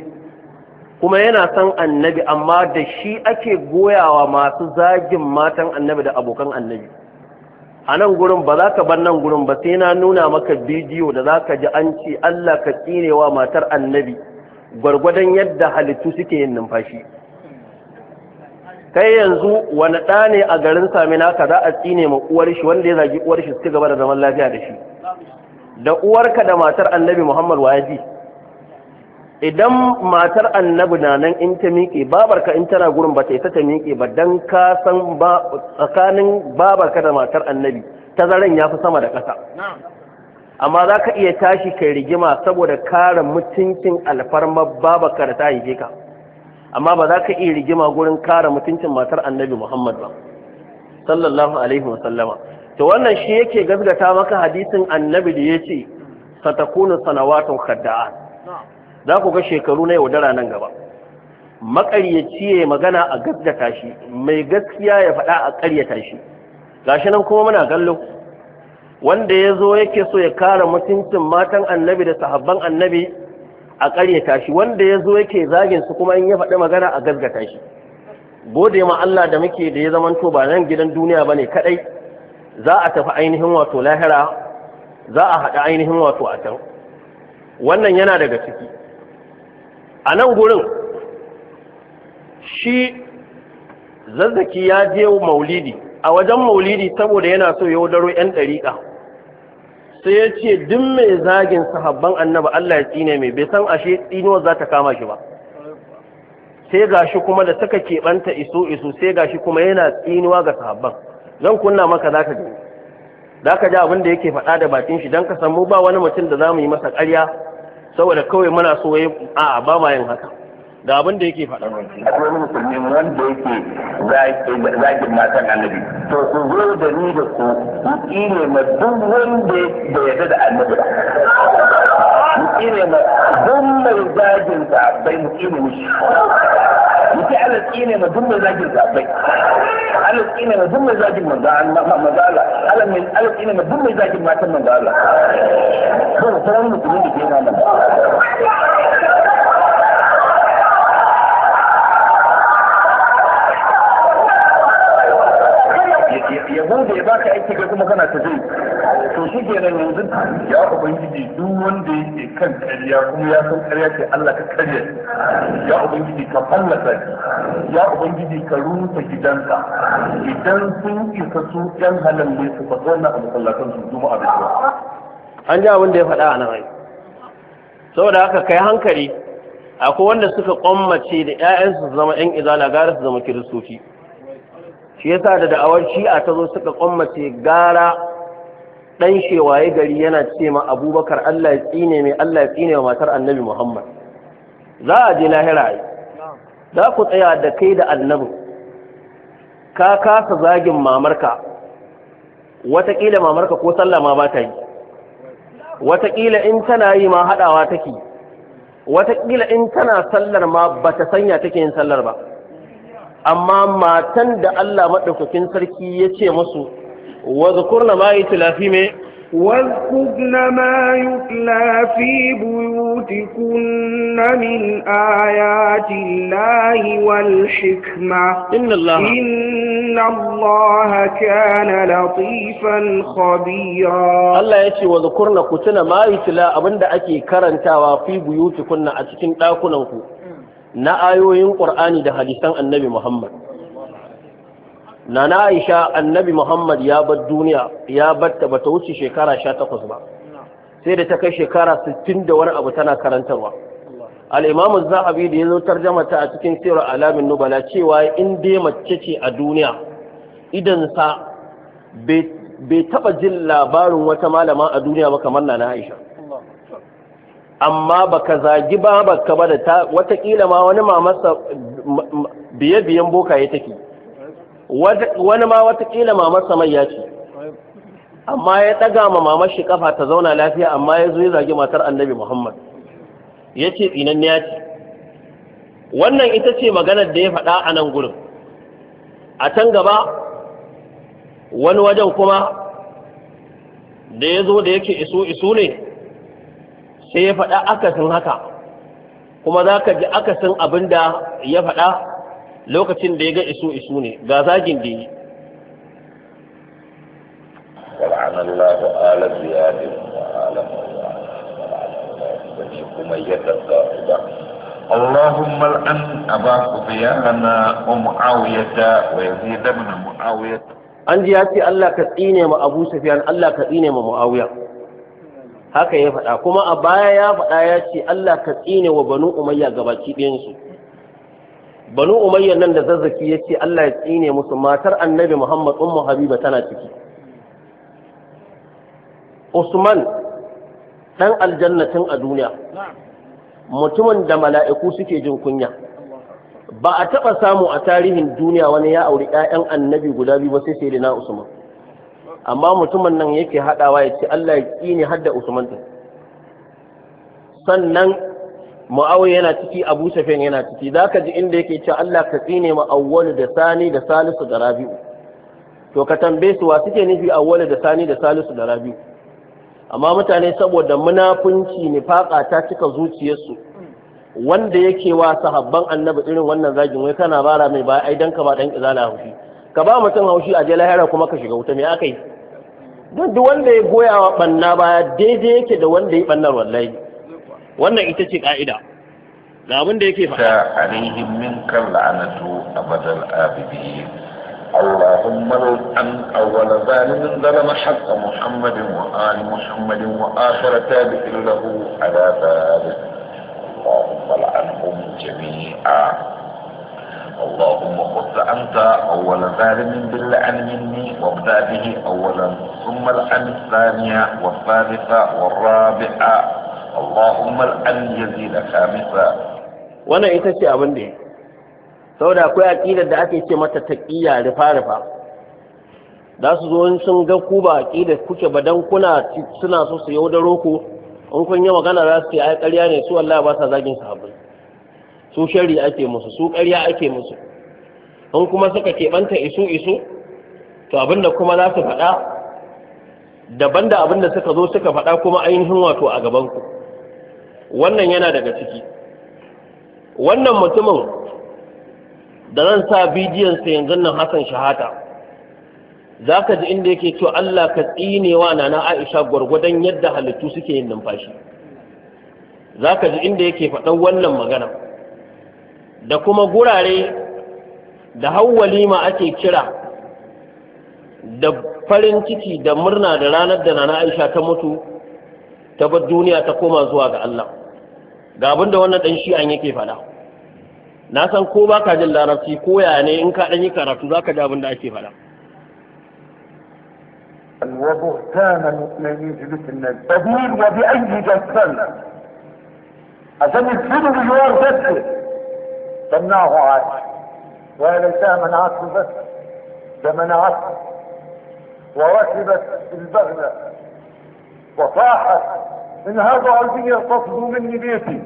S2: kuma yana san annabi amma da shi ake goyawa masu zagin matan annabi da abokan annabi a nan gurin ba za ka bar nan gurin ba sai na nuna maka bidiyo da za ka ji an ce Allah ka tsinewa matar annabi gwargwadon yadda halittu suke yin numfashi kai yanzu wani ɗa ne a garin samina ka za a tsine ma uwar shi wanda ya zagi uwar shi suke gaba da zaman lafiya da shi da uwarka da matar annabi muhammad wa ji idan matar annabi na nan in ta miƙe babarka in tana gurin ba ta isa ta miƙe ba don ka san tsakanin babarka da matar annabi tazaran ya fi sama da ƙasa amma za ka iya tashi kai rigima saboda kare mutuncin alfarmar babarka da ta haife ka amma ba za ka iya rigima gurin kare mutuncin matar annabi muhammad ba sallallahu alaihi wasallama to wannan shi yake gazgata maka hadisin annabi da ya ce satakunu sanawatun khadda'a za ku ga shekaru na yaudara nan gaba maƙaryaci ya magana a gaskata shi mai gaskiya ya faɗa a ƙaryata shi gashi nan kuma muna gallo wanda ya zo yake so ya kare mutuncin matan annabi da sahabban annabi a ƙaryata tashi, wanda ya zo yake zagin su kuma in ya faɗi magana a gaggata shi gode ma Allah da muke da ya zamanto ba nan gidan duniya bane kadai za a tafi ainihin wato lahira za a haɗa ainihin wato a can wannan yana daga ciki a nan gurin shi zazzaki ya je maulidi a wajen maulidi saboda yana so ya daro 'yan ɗariƙa sai ya ce duk mai zagin sahabban annaba Allah ya tsine mai bai san ashe tsinuwar za ta kama shi ba sai gashi kuma da suka keɓanta iso iso sai gashi kuma yana tsinuwa ga sahabban zan kunna maka za ka ji za ka ji abin da yake faɗa da bakin shi don ka san mu ba wani mutum da za mu yi masa ƙarya saboda kawai muna so a ba ma yin haka ga abin da yake faɗa. Akwai wani musulmi wanda yake zagin matan annabi. To su zo da ni da ku ki ne ma duk wanda da yarda da annabi ba.
S1: Ki ne ma duk mai zagin sahabbai mu ki ne mishi. Muke Allah ki ne ma duk mai zagin sahabbai. Allah ki ne ma duk mai
S2: zagin manzo Allah. Allah min Allah ki ne ma duk mai zagin matan manzo Allah. Ko sauran musulmi da ke nan. ka aiki kai kuma kana ta zai to shi nan yanzu ya ubangiji duk wanda yake kan karya kuma ya san karya ce Allah ka karya ya ubangiji ka fallasa shi ya ubangiji ka rusa gidansa idan sun isa su yan halin ne su faɗo wannan a masallatan su juma'a da juma'a an ji abin da ya faɗa a nan ai saboda haka kai hankali akwai wanda suka kwammace da 'ya'yansu zama 'yan izala gara su zama kiristoci shi yasa da da'awar shi'a ta zo suka kwammace gara dan shewaye gari yana ce ma abubakar allah ya tsine mai allah ya tsine wa matar annabi muhammad za a je lahira yi za ku tsaya da kai da annabin ka kasa zagin mamarka watakila mamarka ko sallah ma ba ta yi watakila in tana yi ma haɗawa take watakila in tana sallar ma ba ta sanya take yin sallar ba amma matan da Allah maɗaukakin sarki ya ce musu wa zukurna ma yi tilafi me واذكرن
S1: ما يتلى في بيوتكن من آيات الله والحكمة إن الله إن الله كان لطيفا خبيرا الله يأتي واذكرن كتن ما
S2: يتلى أبند أكي كرنتا في بيوتكن أتكن تاكنكم na ayoyin ƙur'ani da hadisan annabi Muhammad na na Aisha annabi Muhammad ya bar duniya ya batta bata wuce shekara sha takwas ba sai da ta kai shekara sittin da wani abu tana karantarwa al zahabi da ya zo tarjama a cikin sirar alamin nubala cewa in dai mace ce a duniya idan sa bai taba jin labarin wata malama a duniya ba kamar na Aisha amma baka zagi ba baka ba da ta watakila ma wani mamarsa biye biyan ya take wani ma watakila mamarsa mai ya ce amma ya ɗaga ma mamar shi kafa ta zauna lafiya amma ya zo ya zagi matar annabi muhammad ya ce tsinan ya ce wannan ita ce maganar da ya faɗa a nan gurin a can gaba wani wajen kuma da ya zo da yake isu isu ne sai ya faɗa akasin haka kuma za ka ji akasin abin da ya faɗa lokacin da ya ga isu isu ne ga zagin da yi ولعن الله آل زياد وآل مروان ولعن اللهم الآن أبا سفيان ومعاوية ويزيد بن معاويه an ji الله ce Allah ابو سفيان الله Abu Sufyan معاويه haka ya faɗa kuma a baya ya faɗa ya ce Allah ka tsine wa banu umayya gabaki ɗayansu banu umayya nan da zazzaki ya ce Allah ya tsine musu matar annabi Muhammad ummu Habiba tana ciki Usman dan aljannatin a duniya mutumin da mala'iku suke jin kunya ba a taɓa samu a tarihin duniya wani ya auri 'ya'yan annabi guda biyu ba sai sai na Usman amma mutumin nan yake haɗawa ya ce Allah ya ƙi ne har da Usman din sannan Muawiya yana ciki Abu Sufyan yana ciki zaka ji inda yake cewa Allah ka tsine mu awwalu da sani da salisu da rabi'u to ka tambaye su wa suke nufi awwalu da sani da salisu da rabi'u amma mutane saboda munafunci ne nifaqa ta cika zuciyarsu wanda yake wa sahabban annabi irin wannan zagin wai kana bara mai ba ai dan ka ba dan izala haushi ka ba mutum haushi a je lahira kuma ka shiga wuta me akai duk wanda ya goya wa banna baya daidai yake da wanda ya bannar wallahi wannan ita ce ka'ida ga abin da yake faɗa ta alaihim min kan la'anatu abadal abidi اللهم أن أول ظالم ظلم حق محمد وآل محمد وآخر تابع له على ذلك اللهم لعنهم جميعا اللهم خذ أنت أول ظالم باللعن مني وابدأ به أولا اللهم الان الثانية والثالثة والرابعة اللهم الان يزيد خامسة وانا ايتشي ابن دي saboda akwai aƙidar da ake ce mata taƙiyya rufa-rufa za su zo in sun ga ku ba kuke ba dan kuna suna in kun yi magana za su ce ai ƙarya ne su Allah ba sa zagin su shari ake musu su ƙarya ake musu in kuma suka keɓanta isu isu to abinda kuma za su faɗa daban da abin da suka zo suka faɗa kuma ainihin wato a gabanku wannan yana daga ciki wannan mutumin da zan sa bidiyonsa yanzu nan Hassan shahata za ka ji inda yake cewa Allah ka tsinewa na na Aisha gwargwadon yadda halittu suke yin numfashi za ka ji inda yake faɗan wannan magana da kuma gurare da hawwalima ake kira da farin ciki da murna da ranar da nana aisha ta mutu ta bar duniya ta koma zuwa ga Allah ga abin da wannan dan an yake faɗa na san ko ba ka jin larabci ko ya ne in ka dan yi karatu za ka ji abin da ake faɗa
S1: وبهتانا من يجلس النبي بدين وبأي جسد عشان يدفنوا مليار جسد سمناه عاد ويا ليتها منعته بس ده منعته وركبت البغلة وصاحت ان هذا عربي يقتصد مني بيتي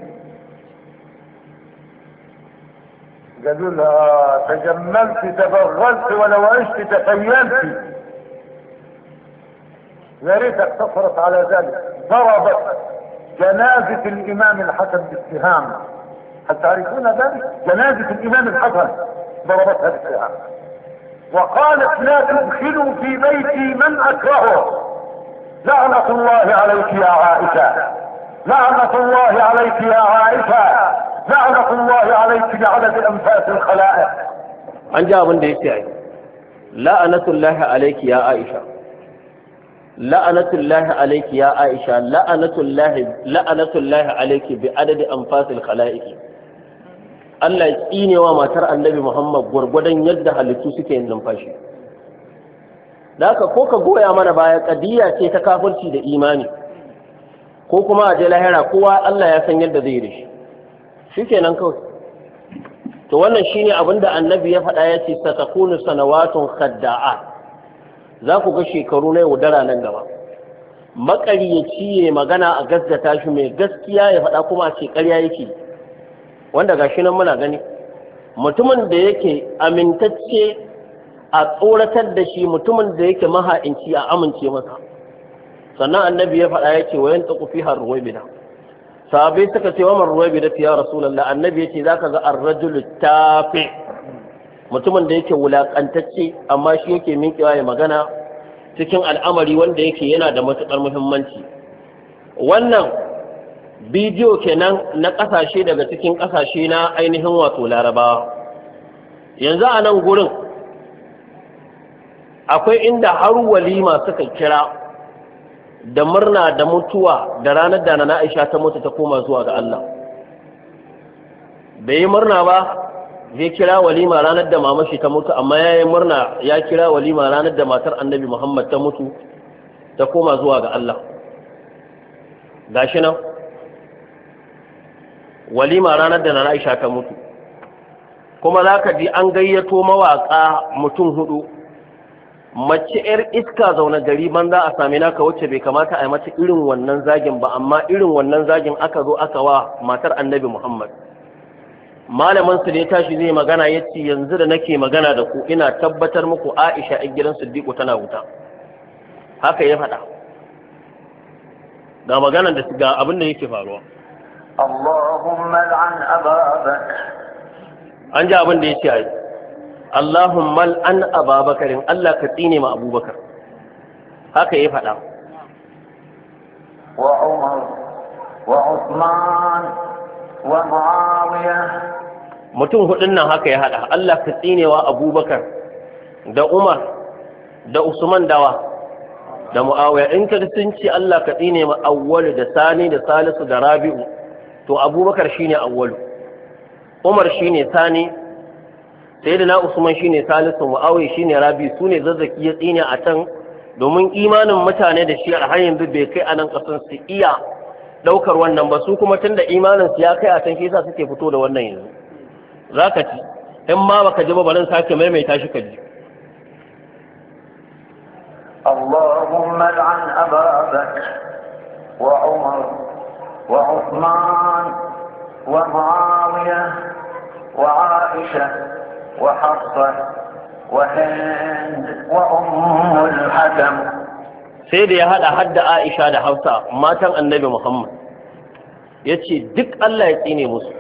S1: قالوا لها تجملت تبغلت ولو عشت تخيلت يا ريت اقتصرت على ذلك ضربت جنازة الإمام الحسن بالسهام هل تعرفون ذلك؟ جنازة الإمام الحسن ضربتها بالسهام وقالت لا تدخلوا في بيتي من اكرهه لعنة الله عليك يا عائشة لعنة الله عليك يا عائشة لعنة الله عليك بعدد انفاس الخلائق
S2: عن جابن ديتاي يعني. لعنة الله عليك يا عائشة لعنة الله عليك يا عائشة لعنة الله لعنة الله عليك بعدد انفاس الخلائق Allah ya wa matar annabi Muhammad gwargwadon yadda halittu suke yin numfashi da haka ko ka goya mana baya kadiya ce ta kafirci da imani ko kuma a je lahira kowa Allah ya san yadda zai yi shi kenan kawai to wannan shine abin da annabi ya faɗa ya ce satakunu sanawatun khadda'a za ku ga shekaru na dara nan gaba maƙaryaci ya magana a gaskata shi mai gaskiya ya faɗa kuma a ce ƙarya yake wanda gashi nan muna gani mutumin da yake amintacce a tsoratar da shi mutumin da yake maha'inci a amince masa sannan annabi ya faɗa ya ce wa kufi har bida sahabai suka ce wa bida ya rasulallah annabi ya ce za ka ga arrajulu tafi mutumin da yake wulaƙantacce amma shi yake minkewa ya magana cikin al'amari wanda yake yana da matuƙar muhimmanci wannan bidiyo kenan na ƙasashe daga cikin ƙasashe na ainihin wato larabawa yanzu a nan gurin akwai inda har walima suka kira da murna da mutuwa da ranar da na aisha ta mutu ta koma zuwa ga Allah bai yi murna ba zai kira walima ranar da mamashi ta mutu amma ya yi murna ya kira walima ranar da matar annabi muhammad ta mutu ta koma zuwa ga Allah gashi nan walima ranar da na Aisha ta mutu kuma za ka ji an gayyato mawaƙa mutum hudu mace 'yar iska zaune gari ban za a sami naka wacce bai kamata a yi mata irin wannan zagin ba amma irin wannan zagin aka zo aka wa matar annabi muhammad malamin su ne tashi zai magana ya ce yanzu da nake magana da ku ina tabbatar muku aisha a gidan siddiqu tana wuta haka ya faɗa ga maganar da ga abin da yake faruwa
S1: Allahumma al'an ababak
S2: an ji abin da ya ce ai Allahumma al'an ababakarin Allah ka tsine ma abubakar haka ya faɗa
S1: wa Umar wa Usman wa Muawiya
S2: mutum hudun nan haka ya haɗa Allah ka tsine wa abubakar da Umar da Usman dawa da mu'awiya in ka sun ce Allah ka tsine ma awwal da sani da salisu da rabi'u to abubakar shine awwalu umar shine sani sayyidina usman shine salisu muawiya shine rabi ne zazzaki ya tsine a can domin imanin mutane da shi a har yanzu bai kai a nan kasan su iya daukar wannan ba su kuma tunda imanin su ya kai a can shi yasa suke fito da wannan yanzu zaka ci in ma baka ji ba barin sake maimaita shi ka ji
S1: اللهم لعن أبا بكر وعمر وعثمان ومعاوية وعائشة وحفصة وهند وأم الحكم
S2: sai da ya haɗa hadda Aisha da Hausa matan annabi Muhammad ya ce duk Allah ya tsine musu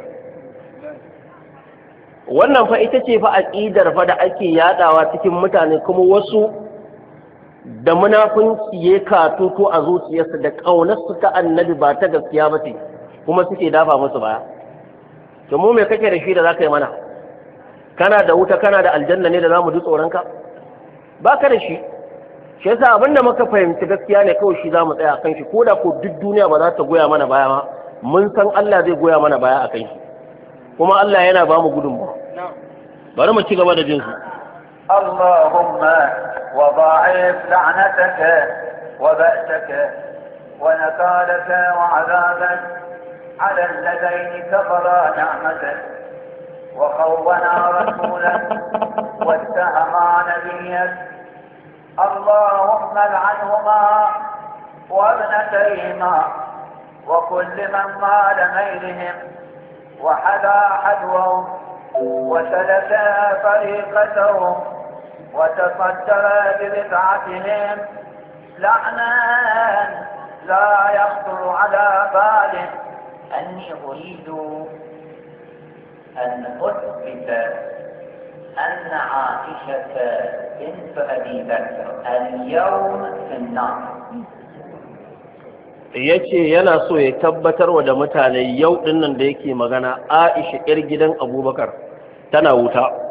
S2: wannan fa ita ce fa aƙidar fa da ake yaɗawa cikin mutane kuma wasu da munafunci ya katoto a zuciyarsa da ƙaunarsu ta annabi ba ta gaskiya ba ce kuma suke dafa musu baya to mu me kake da shi da zaka yi mana kana da wuta kana da aljanna ne da zamu ji tsoron ka baka da shi shi yasa abinda muka fahimci gaskiya ne kawai shi zamu tsaya kan shi da ko duk duniya ba za ta goya mana baya ma mun san Allah zai goya mana baya akan shi kuma Allah yana ba mu gudunmawa bari mu ci gaba da jinsu
S1: اللهم وضاعف لعنتك وبأسك ونكالك وعذابك على الذين كفرا نعمتك وخونا رسولك واتهما نبيك اللهم العنهما وابنتيهما وكل من مال ميلهم وحدا حدوهم وسلك طريقتهم وتصدر ببدعتهم لعنا لا يخطر على باله أني أريد أن أثبت
S3: أن عائشة بنت أبي بكر اليوم في النار
S2: ya ce yana so ya tabbatar wa da mutane yau dinnan da yake magana aisha 'yar gidan abubakar tana wuta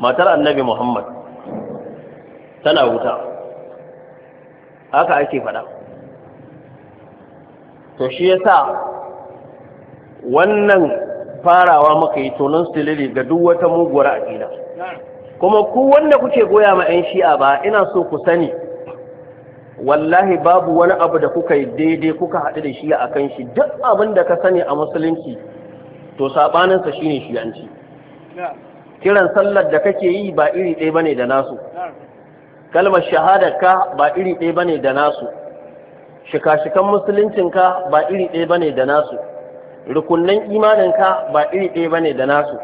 S2: matar annabi muhammad tana wuta haka ake faɗa to shi yasa wannan farawa muka yi tonon silili ga duk wata muguwar aƙida kuma ku wanda kuke goya ma 'yan shi'a ba ina so ku sani wallahi babu wani abu da kuka yi daidai kuka haɗu da shi a kan shi duk abin da ka sani a musulunci to saɓaninsa shine shi'anci kiran sallar da kake yi ba iri ɗaya bane da nasu kalmar shahadar ka ba iri ɗaya bane da nasu shika-shikan musuluncin ka ba iri ɗaya bane da nasu rukunnan imanin ka ba iri ɗaya bane da nasu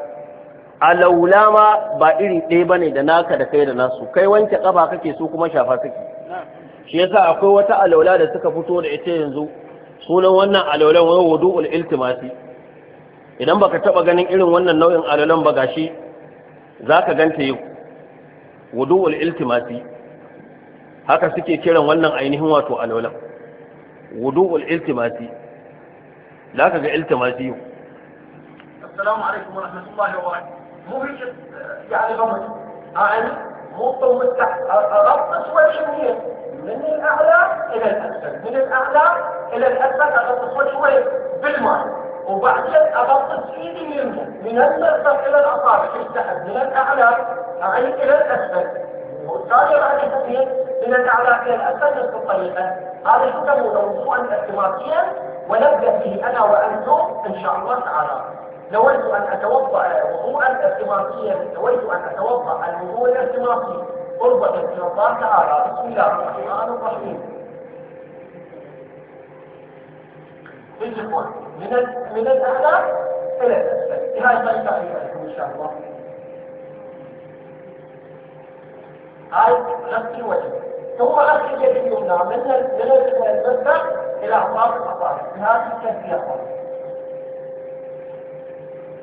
S2: alaula ma ba iri ɗaya bane da naka da kai da nasu kai wanke ƙafa kake su kuma shafa suke shi yasa akwai wata alaula da suka fito da ita yanzu sunan wannan alaulan wani wudu'ul iltimasi idan baka taba ganin irin wannan nau'in alaulan ba gashi za ka ganta yau wudu'ul iltimasi haka suke kiran wannan ainihin wato alwalan wudu'ul iltimasi za ka ga iltimasi yau assalamu alaikum wa rahmatullahi wa barakatuh mu يعني غمض أعلى مطر مفتح أغطس وشوية من الأعلى إلى الأسفل من الأعلى إلى الأسفل أغطس وشوية بالماء وبعدين أبطس إيدي منه من المرسل إلى الأصابع تشتحد من الأعلى أعيد إلى الأسفل والثانية بعد تسمية من الأعلى إلى الأسفل نفس الطريقة هذا يسمونه موضوعا اعتماديا ونبدأ به أنا وأنتم إن شاء الله تعالى نويت أن أتوضأ وضوءا اعتماديا نويت أن أتوضأ الوضوء الاعتمادي قربة من الله تعالى بسم الله الرحمن الرحيم.
S3: الإخوان من من الأعلى إلى تأسفل بهذا ننتهي عليكم إن شاء الله هاي
S2: غسل الوجه ثم غسل اليد اليمنى من من المذبح إلى أطراف الأصابع بهذه التسبيح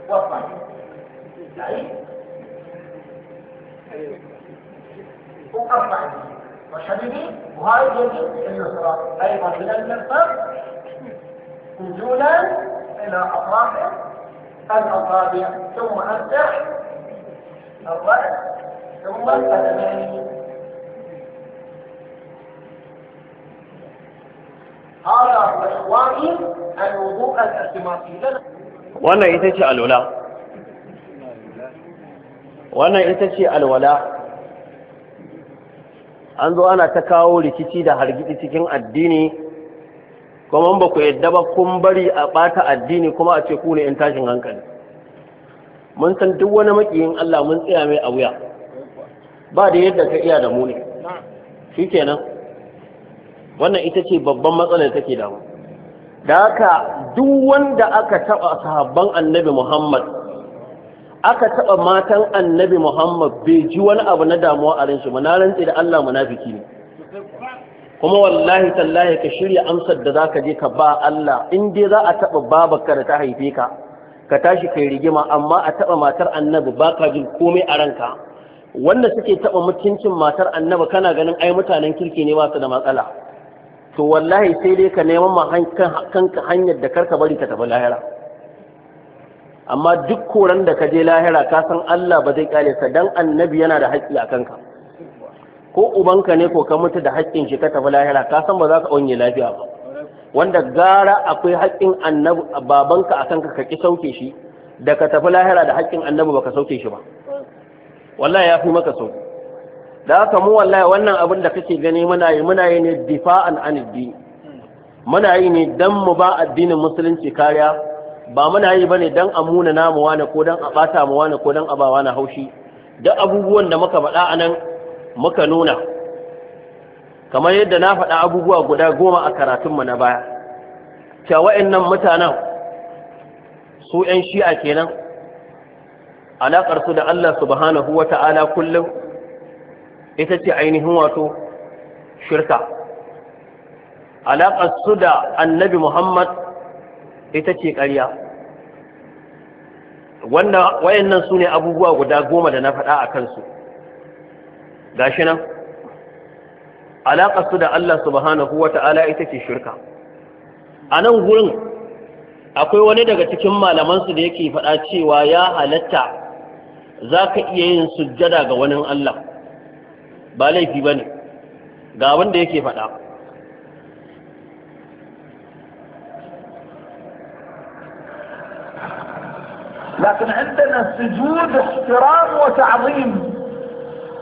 S2: وصل
S3: سعيد وقف وحبيبي وهاي اليد اليسرى أيضا من المذبح نزولا الى اطراف الاصابع ثم أرجع الراس ثم القدمين
S2: wannan ita ce alwala wannan ita ce alwala an zo ana ta kawo rikici da hargitsi cikin addini kuma ba ku yadda ba kun bari a ɓata addini kuma a ce ku ne 'yan tashin hankali mun san duk wani makiyin Allah mun tsaya mai a wuya ba da yadda ka iya da mu ne shi kenan wannan ita ce babban matsalar take damu da haka duk wanda aka taɓa sahabban annabi Muhammad aka taɓa matan annabi Muhammad bai ji wani abu na damuwa a ranshi ba na rantse da Allah munafiki ne kuma wallahi tallahi ka shirya amsar da zaka je ka ba Allah in dai za a taba babarka da ta haife ka ka tashi kai rigima amma a taba matar annabi ba ka jin komai a ranka wanda suke taba mutuncin matar annabi kana ganin ai mutanen kirki ne ba su da matsala to wallahi sai dai ka neman ma kanka hanyar da karka bari ka tafi lahira amma duk koran da ka je lahira ka san Allah ba zai kyale sa dan annabi yana da haƙƙi a kanka ko ubanka ne ko ka mutu da haƙƙin shi ka tafi lahira ka san ba za ka onye lafiya ba wanda gara akwai haƙƙin annabi babanka a kanka ka ƙi sauke shi da ka tafi lahira da haƙƙin annabi ka sauke shi ba wallahi ya fi maka sauki da haka mu wallahi wannan abin da kake gani muna yi muna yi ne difa'an an muna yi ne dan mu ba addinin musulunci kariya ba muna yi bane dan a muna namu wani ko dan a bata mu wani ko dan a ba wani haushi duk abubuwan da muka faɗa a nan muka nuna kamar yadda na faɗa abubuwa guda goma a karatunmu na baya cewa nan mutanen su 'yan shi'a kenan alaƙarsu da Allah subhanahu wa ta'ala kullum ita ce ainihin wato shirka alaƙarsu da annabi Muhammad ita ce ƙarya wanda wayannan su abubuwa guda goma da na faɗa a kansu gashi nan alaƙarsu da Allah subhanahu wa ta'ala ita ce shirka a nan gurin akwai wani daga cikin malamansu da yake faɗa cewa ya halatta za ka iya yin sujjada ga wani Allah ba laifi ba ne ga wanda yake faɗa
S1: لكن عندنا سجود احترام وتعظيم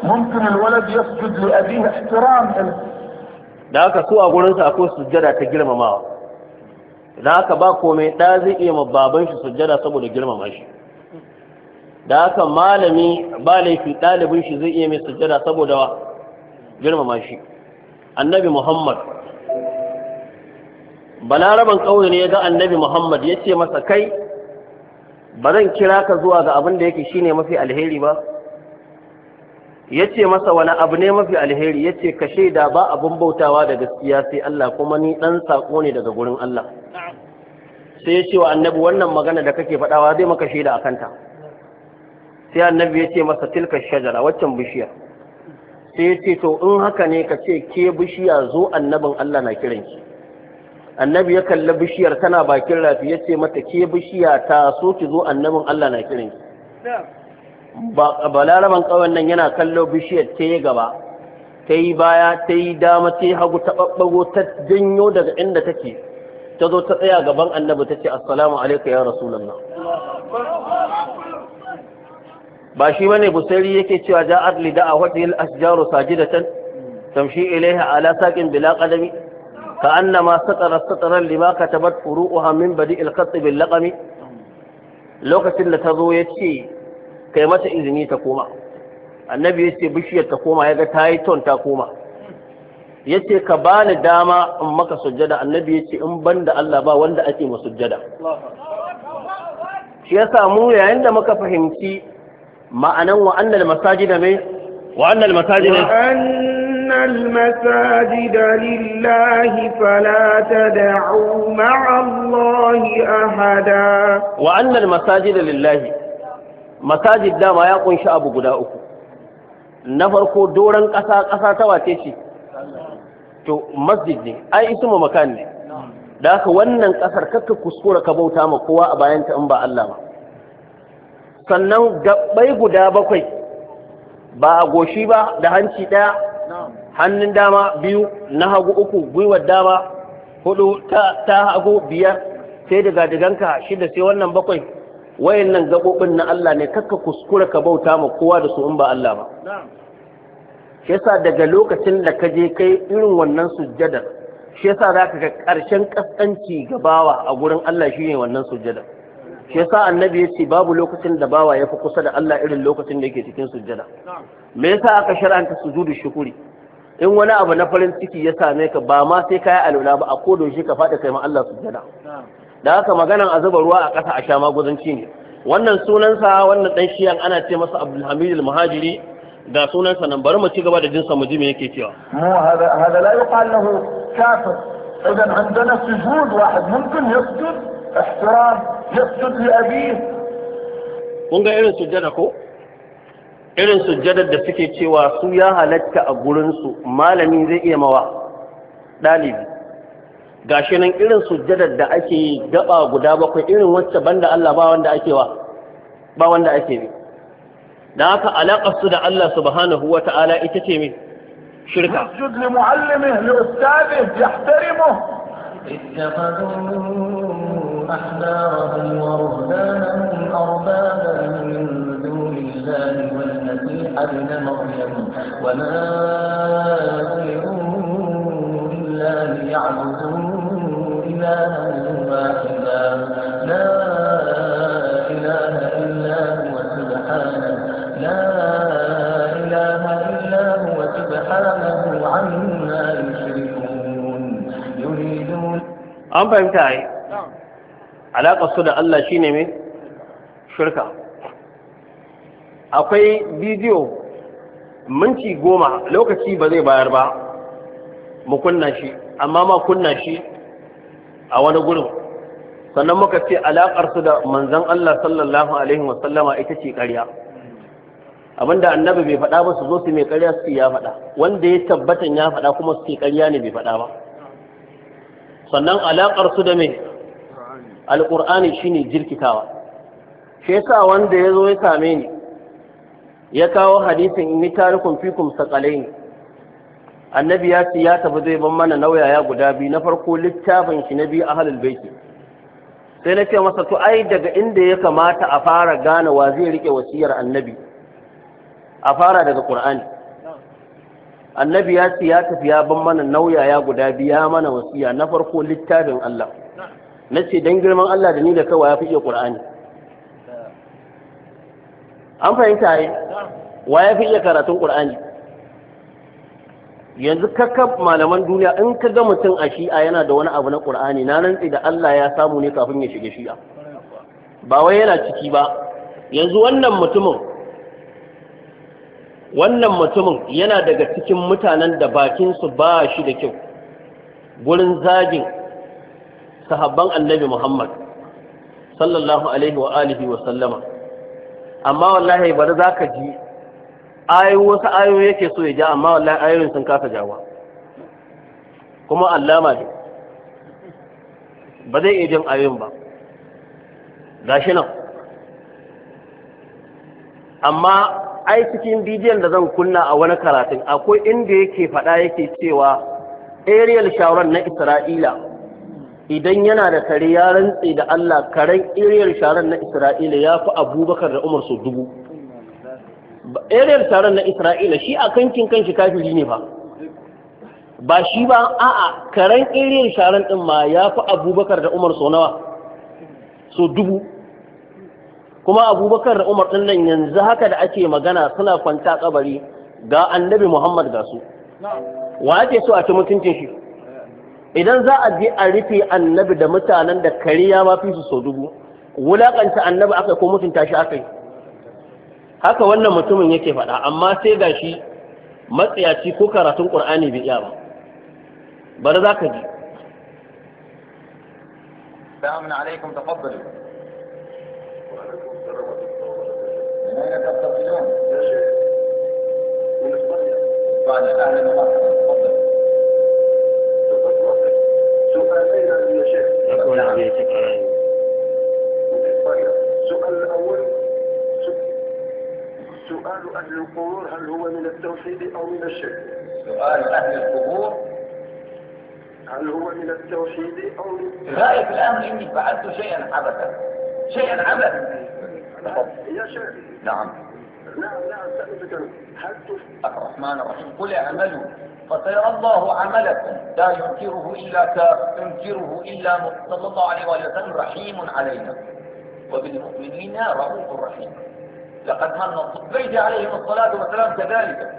S1: ممكن الولد يسجد لأبيه احتراما
S2: da haka su a gurinsa akwai sujjada ta girmamawa da haka ba komai ɗa zai iya ma baban shi sujjada saboda girmama shi da haka malami ba laifi ɗalibin shi zai iya mai sujjada saboda wa girmama shi annabi muhammad balaraban ƙauye ne ya ga annabi muhammad ya ce masa kai ba zan kira ka zuwa ga abin da yake shine mafi alheri ba ya ce masa wani abu ne mafi alheri ya ce ka shaida ba abin bautawa da gaskiya sai Allah kuma ni ɗan saƙo ne daga gurin Allah sai ya ce wa annabi wannan magana da kake faɗawa zai maka shaida a kanta sai annabi ya ce masa tilka shajara waccan bishiya sai ya ce to in haka ne ka ce ke bishiya zo annabin Allah na kiran ki? annabi ya kalli bishiyar tana bakin rafi ya ce mata ke bishiya ta so ki zo annabin Allah na kiran ki? balaraban kawai nan yana kallo bishiyar ta yi gaba ta yi baya ta yi dama ta yi hagu ta ɓaɓɓago ta janyo daga inda take ta zo ta tsaya gaban annabi ta ce assalamu alaikum ya rasulallah ba shi bane busairi yake cewa a li da'a Saji asjaru sajidatan tamshi ilaiha ala saqin bila qadami كأنما ستر سترا لما كتبت فروعها من بديء lokacin lokacin ta zo zo yace kai mata izini ta koma annabi ya ce bishiyar ta koma ya ga ta yi ton ta koma ya ce ka bani dama in maka sujjada annabi ya ce in ban da Allah ba wanda ake ma sujjada shi ya samu yayin da muka fahimci ma'anan wa annal masajida mai wa annal masajida
S1: أن المساجد لله فلا تدعوا مع الله أحدا
S2: وأن المساجد lillahi. masajid dama ya kunshi abu guda uku na farko doron ƙasa ƙasa ta wace ce to masjid ne ai ismu makan ne da haka wannan ƙasar kaka kuskura ka bauta ma kowa a bayan ta in ba Allah ba sannan gabbai guda bakwai ba a goshi ba da hanci ɗaya hannun dama biyu na hagu uku gwiwar dama hudu ta hagu biyar sai daga diganka shida sai wannan bakwai wayannan gabobin na Allah ne kakka kuskura ka bauta ma kowa da su in ba Allah ba shi yasa daga lokacin da ka je kai irin wannan sujjadar shi yasa zaka ga karshen kaskanci gabawa a gurin Allah shine wannan sujjadar shi yasa annabi ce babu lokacin da bawa yafi kusa da Allah irin lokacin da yake cikin sujjada me yasa aka shar'anta sujudu shukuri in wani abu na farin ciki ya same ka ba ma sai ka yi alula ba a ko shi ka faɗi kai ma Allah sujjada da haka maganan a zuba ruwa a ƙasa a sha maguzanci ne wannan sunansa wannan ɗan shiyan ana ce masa abdulhamid al-muhajiri da sunansa nan bari mu ci gaba da jinsa mu ji me yake cewa
S1: mu hada hada la yuqal lahu kafir idan عندنا sujud واحد ممكن يسجد احترام يسجد لأبيه
S2: kun ga irin sujjada ko irin sujjadar da suke cewa su ya halatta a gurinsu malami zai iya mawa ɗalibi gashi nan irin sujjadar da ake yi gaba guda bakwai irin wacce banda Allah ba wanda ake wa ba wanda ake yi dan haka alaƙar su da Allah subhanahu wata'ala ita ce me shirka
S1: sujud li muallimi li ustadihi yahtarimuhu اتخذوا أحبارهم ورهبانهم أربابا
S2: من دون الله والمسيح ابن مريم وما أمروا الله يعبدون إلها واحدا لا su da Allah shi ne mai shirka akwai bidiyo minti goma lokaci ba zai bayar ba mu kunna shi amma ma kunna shi a wani gurin sannan muka ce alaƙar su da manzon Allah sallallahu alaihi wa sallama ita ce ƙarya abinda annabi bai faɗa ba su zo su mai ƙarya su ya faɗa wanda ya tabbatan ya faɗa kuma su ƙarya ne bai faɗa ba sannan alaƙar su da mai alƙur'ani shine jirkitawa shi yasa wanda ya zo ya same ni ya kawo hadisin in yi tarikun fikum saƙalai annabi ya ce ya tafi zai ban mana nauyaya guda biyu na farko littafin shi na biyu halin baiti sai na ce masa to ai daga inda ya kamata a fara gane wa zai rike wasiyar annabi a fara daga qur'ani annabi ya ce ya tafi ya ban mana nauyaya guda biyu ya mana wasiya na farko littafin Allah na ce dan girman Allah da ni da kawai ya fi iya qur'ani an fahimta ai wa ya fi iya karatun qur'ani yanzu kaka malaman duniya in ka ga mutum a shi'a yana da wani abu na ƙur'ani na rantsi da Allah ya samu ne kafin ya shiga shi'a ba wai yana ciki ba yanzu wannan mutumin wannan mutumin yana daga cikin mutanen da bakin su ba shi da kyau gurin zagin sahabban annabi Muhammad sallallahu alaihi wa alihi wa sallama amma wallahi bari zaka ji ayoyi wasu ayoyi yake so ya ja amma wallahi ayoyin sun kasa jawa kuma allama ne ba zai iya jin ayoyin ba gashi nan amma ai cikin bidiyon da zan kunna a wani karatun akwai inda yake faɗa yake cewa ariel sharon na isra'ila idan yana da kare ya rantse da allah karen ariel sharon na isra'ila ya fi abubakar da umar su dubu eriyar taron na isra'ila shi a kankin kanshi kafiri ne ba ba shi ba a'a karen eriyar taron ɗin ma ya fi abubakar da umar sau so dubu kuma abubakar da umar ɗin nan yanzu haka da ake magana suna kwanta kabari ga annabi muhammad ga su wa ake so a ci mutuncin shi idan za a je a rufe annabi da mutanen da kariya ma fi su so dubu wulakanta annabi aka ko mutunta shi aka yi haka wannan mutumin yake faɗa amma sai ga shi matsayaci ko karatun ƙur'ani bai iya ba bari za ka ji salamun alaikum tafaddalu
S1: أهلا سؤال أهل القبور هل هو من التوحيد أو من الشرك
S2: سؤال أهل القبور هل هو من التوحيد أو من غاية الأمر إني فعلت شيئا عبثا شيئا عبثا نعم. يا شيخ نعم
S3: نعم نعم سألتك هل
S2: الرحمن الرحيم قل اعملوا فسيرى الله عملكم لا ينكره إلا تنكره ينكره إلا صلى الله عليه وسلم رحيم علينا وبالمؤمنين رؤوف رحيم لقد من الصفيت عليهم الصلاة والسلام كذلك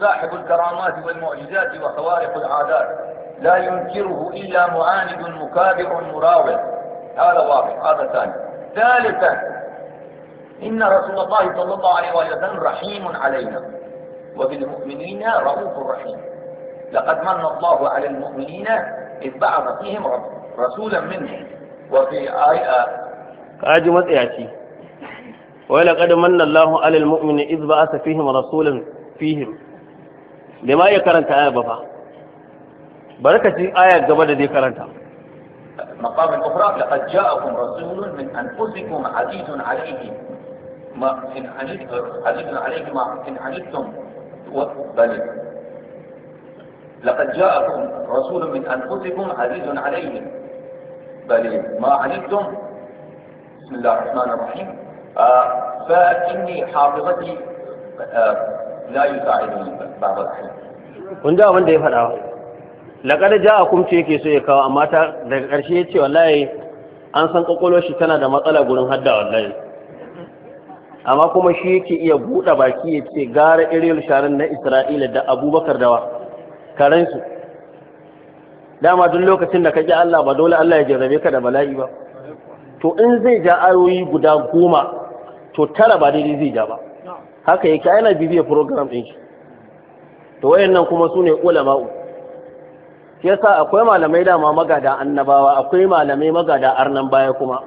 S2: صاحب الكرامات والمعجزات وخوارق العادات لا ينكره إلا معاند مكابر مراوغ هذا واضح هذا ثاني ثالثا إن رسول الله صلى الله عليه وسلم رحيم علينا وبالمؤمنين رؤوف رحيم لقد من الله على المؤمنين إذ بعث فيهم رسولا منهم وفي آية آية آية آية آية آية آية آه... ولقد من الله على المؤمن إذ بعث فيهم رسولا فيهم لما يكرنت آية بفا بركة آية قبل دي كرنتها مقام أخرى لقد جاءكم رسول من أنفسكم عزيز عليه ما إن عزيز عليه ما إن عنيتم بل لقد جاءكم رسول من أنفسكم عزيز عليه بل ما عنيتم بسم الله الرحمن الرحيم فإني حافظتي لا يساعدني بعض الحين kun ja wanda ya faɗa laƙar ja a kumce yake so ya kawo amma ta daga ƙarshe ya ce wallahi an san ƙwaƙwalwar shi tana da matsala gurin hadda wallahi amma kuma shi yake iya buɗe baki ya ce gara iriyar sharan na isra'ila da abubakar dawa karensu dama duk lokacin da ka ji allah ba dole allah ya jarrabe ka da bala'i ba to in zai ja ayoyi guda goma to tara ba daidai zai ja ba haka yake yana bibiya program ɗin shi to wayannan kuma su ne ulama'u shi yasa akwai malamai dama magada annabawa akwai malamai magada arnan baya kuma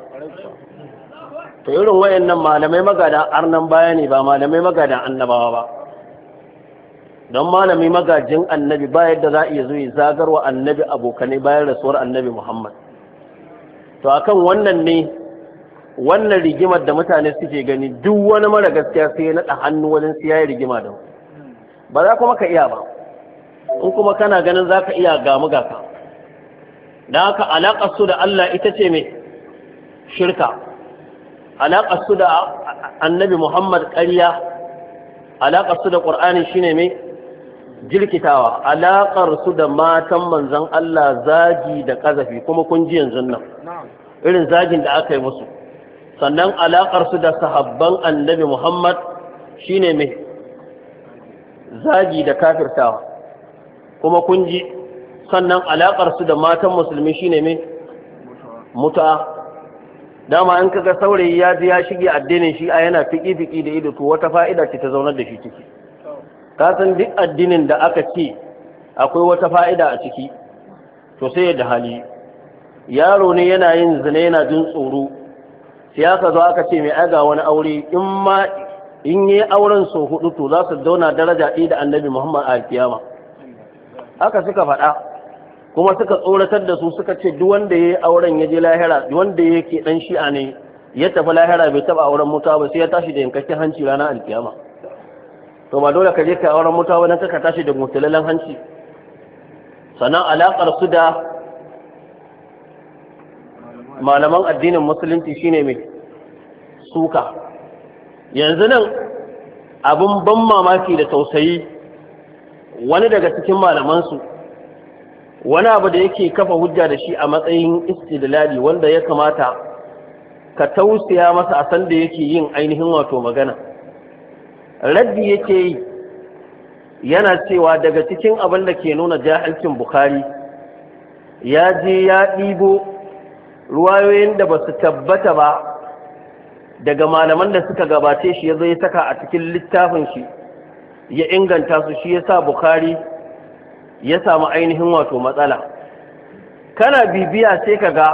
S2: to irin wayannan malamai magada arnan baya ne ba malamai magada annabawa ba don malami magajin annabi ba yadda za a iya zuwa zagarwa annabi abokanai bayan rasuwar annabi muhammad to akan wannan ne wannan rigimar da mutane suke gani duk wani mara gaskiya sai ya naɗa hannu wajen siya ya rigima da ba za kuma ka iya ba in kuma kana ganin za ka iya gamu ga ka da haka alaƙar su da Allah ita ce mai shirka alaƙar su da annabi Muhammad ƙarya alaƙar su da ƙur'ani shine mai jirkitawa alaƙar su da matan manzon Allah zagi da ƙazafi kuma kun ji yanzu nan irin zagin da aka yi musu sannan alaƙar da sahabban annabi Muhammad shine mai zagi da kafirtawa kuma kun ji sannan alaƙar da matan musulmi shine mai mutu'a dama in kaga saurayi ya ji ya shige addinin shi a yana fiki fiki da ido to wata fa'ida ce ta zaunar da shi ciki ka san duk addinin da aka ce akwai wata fa'ida a ciki to sai da hali yaro ne yana yin zina yana jin tsoro sai aka zo aka ce mai aga wani aure in ma in yi auren so hudu to za su zauna daraja ɗaya da annabi muhammad a kiyama Aka suka faɗa kuma suka tsoratar da su suka ce duk wanda ya yi auren ya je lahira wanda ya ke ɗan shi'a ne ya tafi lahira bai taɓa auren mutuwa ba sai ya tashi da yankakken hanci ranar alkiyama to ma dole ka je ka auren mutuwa ba nan ka tashi da mutalalan hanci sannan alaƙar su da malaman addinin musulunci shine mai suka yanzu nan abin ban mamaki da tausayi wani daga cikin malamansu wani abu da yake kafa hujja da shi a matsayin istidlali wanda ya kamata ka tausaya masa a sanda yake yin ainihin wato magana raddi yake yi yana cewa daga cikin abin da ke nuna jahilcin Bukhari ya je ya ɗibo ruwayoyin da ba su tabbata ba daga malaman da suka gabace shi ya zo ya saka a cikin littafin shi ya inganta su shi ya sa bukari ya samu ainihin wato matsala kana bibiya sai ka ga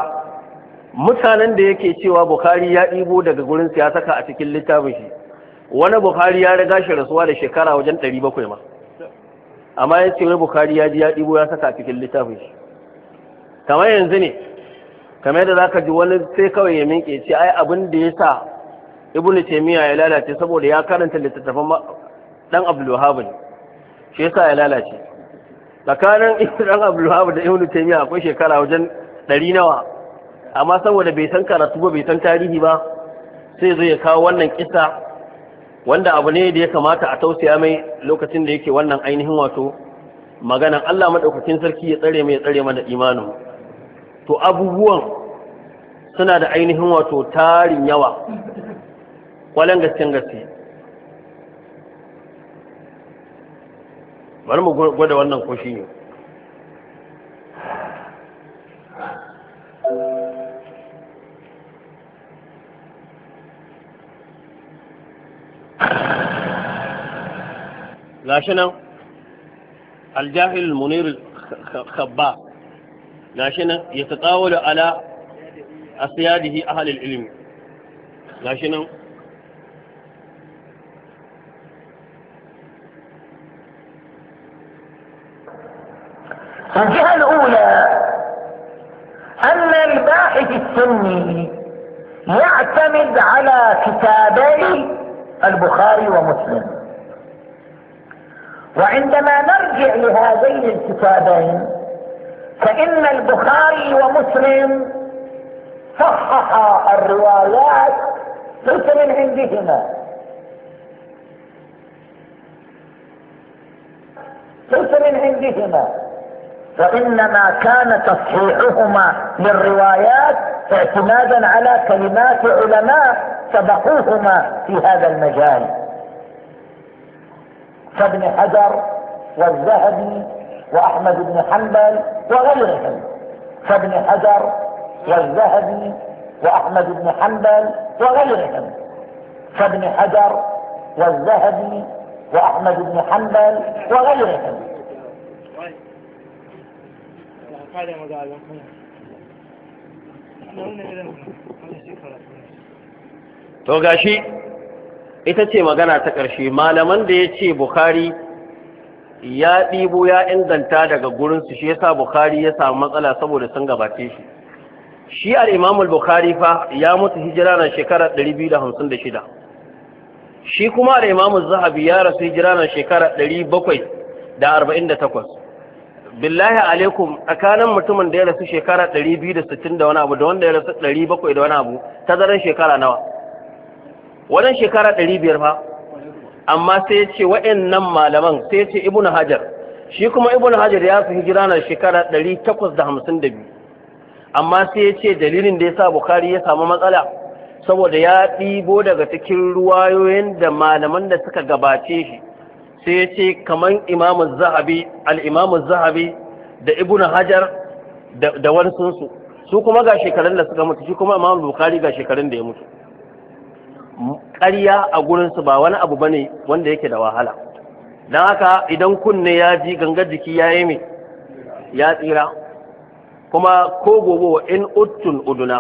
S2: mutanen da yake cewa bukari ya ɗibo daga gurin ya saka a cikin littafin shi wani bukari ya riga shi rasuwa da shekara wajen ɗari bakwai ma amma ya ce wani bukari ya ji ya ɗibo ya saka a cikin littafin shi kamar yanzu ne kamar yadda zaka ji wani sai kawai ya minke ce ai abin da ya sa ibnu taymiya ya lalace saboda ya karanta littattafan dan abdul ne shi yasa ya lalace tsakanin dan abdul da ibnu taymiya akwai shekara wajen ɗari nawa amma saboda bai san karatu ba bai san tarihi ba sai zai ya kawo wannan kisa wanda abu ne da ya kamata a tausaya mai lokacin da yake wannan ainihin wato maganan Allah madaukakin sarki ya tsare mai ya tsare mana imanin to abubuwan suna da ainihin wato tarin yawa kwalen gasken gaske bari mu gwada wannan ko shi ne gashi nan aljahil munir khabba لاشنا يتطاول على أصياده أهل العلم لاشنا
S3: الجهة الأولى أن
S1: الباحث السني يعتمد على كتابي البخاري ومسلم وعندما نرجع لهذين الكتابين فإن البخاري ومسلم صححا الروايات ليس من عندهما ليس من عندهما فإنما كان تصحيحهما للروايات اعتمادا على كلمات علماء سبقوهما في هذا المجال كابن حجر والذهبي
S2: وأحمد بن حنبل وغيرهم فابن حجر
S1: والذهبي وأحمد بن حنبل وغيرهم فابن حجر والذهبي وأحمد بن حنبل وغيرهم
S2: to gashi ita ce magana ta ƙarshe malaman da ya ce Bukhari ya ɗibo ya inganta daga gurinsu shi yasa bukhari ya samu matsala saboda sun gabace shi shi al-imam al-bukhari fa ya mutu hijira na shekara 256 shi kuma al-imam az-zahabi ya rasu hijira na shekara 748 billahi alaikum tsakanin mutumin da ya rasu shekara 260 da wani abu da wanda ya rasu 700 da wani abu tazaran shekara nawa wannan shekara 500 fa amma sai ya ce waɗannan malaman sai ya ce Ibn hajar shi kuma Ibn hajar ya fi hijira na shekara 852 amma sai ya ce dalilin da ya sa bukari ya samu matsala saboda ya ɗibo daga cikin ruwayoyin da malaman da suka gabace shi sai ya ce kamar imamu zahabi al'imamu zahabi da Ibn hajar da wani su kuma ga shekarun da suka mutu shi kuma imamu bukari ga shekarun da ya mutu ƙarya a gurinsu ba wani abu bane wanda yake da wahala don haka idan kunne ya ji gangar jiki ya yi mai ya tsira kuma ko gobe wa in uttun uduna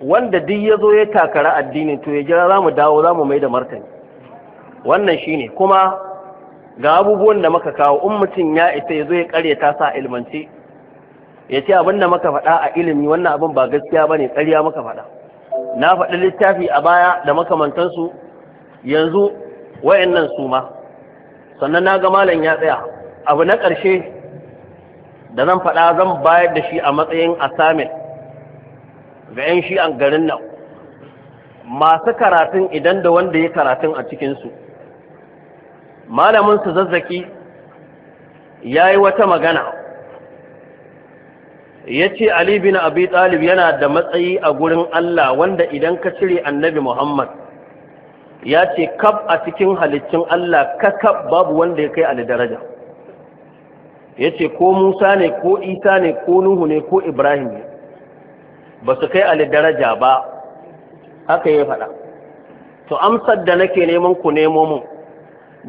S2: wanda duk ya zo ya takara addini to ya jira za mu dawo za mu mai da martani wannan shi ne kuma ga abubuwan da muka kawo in mutum ya ita ya zo ya karyata sa ilmance ya ce abin da muka faɗa a ilimi wannan abin ba gaskiya ba ne ƙarya muka faɗa na faɗi littafi a baya da makamantansu yanzu wayannan su ma sannan na ga malam ya tsaya abu na ƙarshe da zan faɗa zan bayar da shi a matsayin a assignment ga 'yan shi an garin nan masu karatun idan da wanda ya karatun a cikinsu malamin su zazzaki ya yi wata magana yace ce Ali bin Abi Talib yana da matsayi a gurin Allah wanda idan ka cire annabi Muhammad ya ce kab a cikin halittun Allah ka kab babu wanda ya kai Ali daraja ya ce ko Musa ne ko Isa ne ko Nuhu ne ko Ibrahim ne ba su kai Ali daraja ba haka ya faɗa to amsar da nake neman ku nemo mun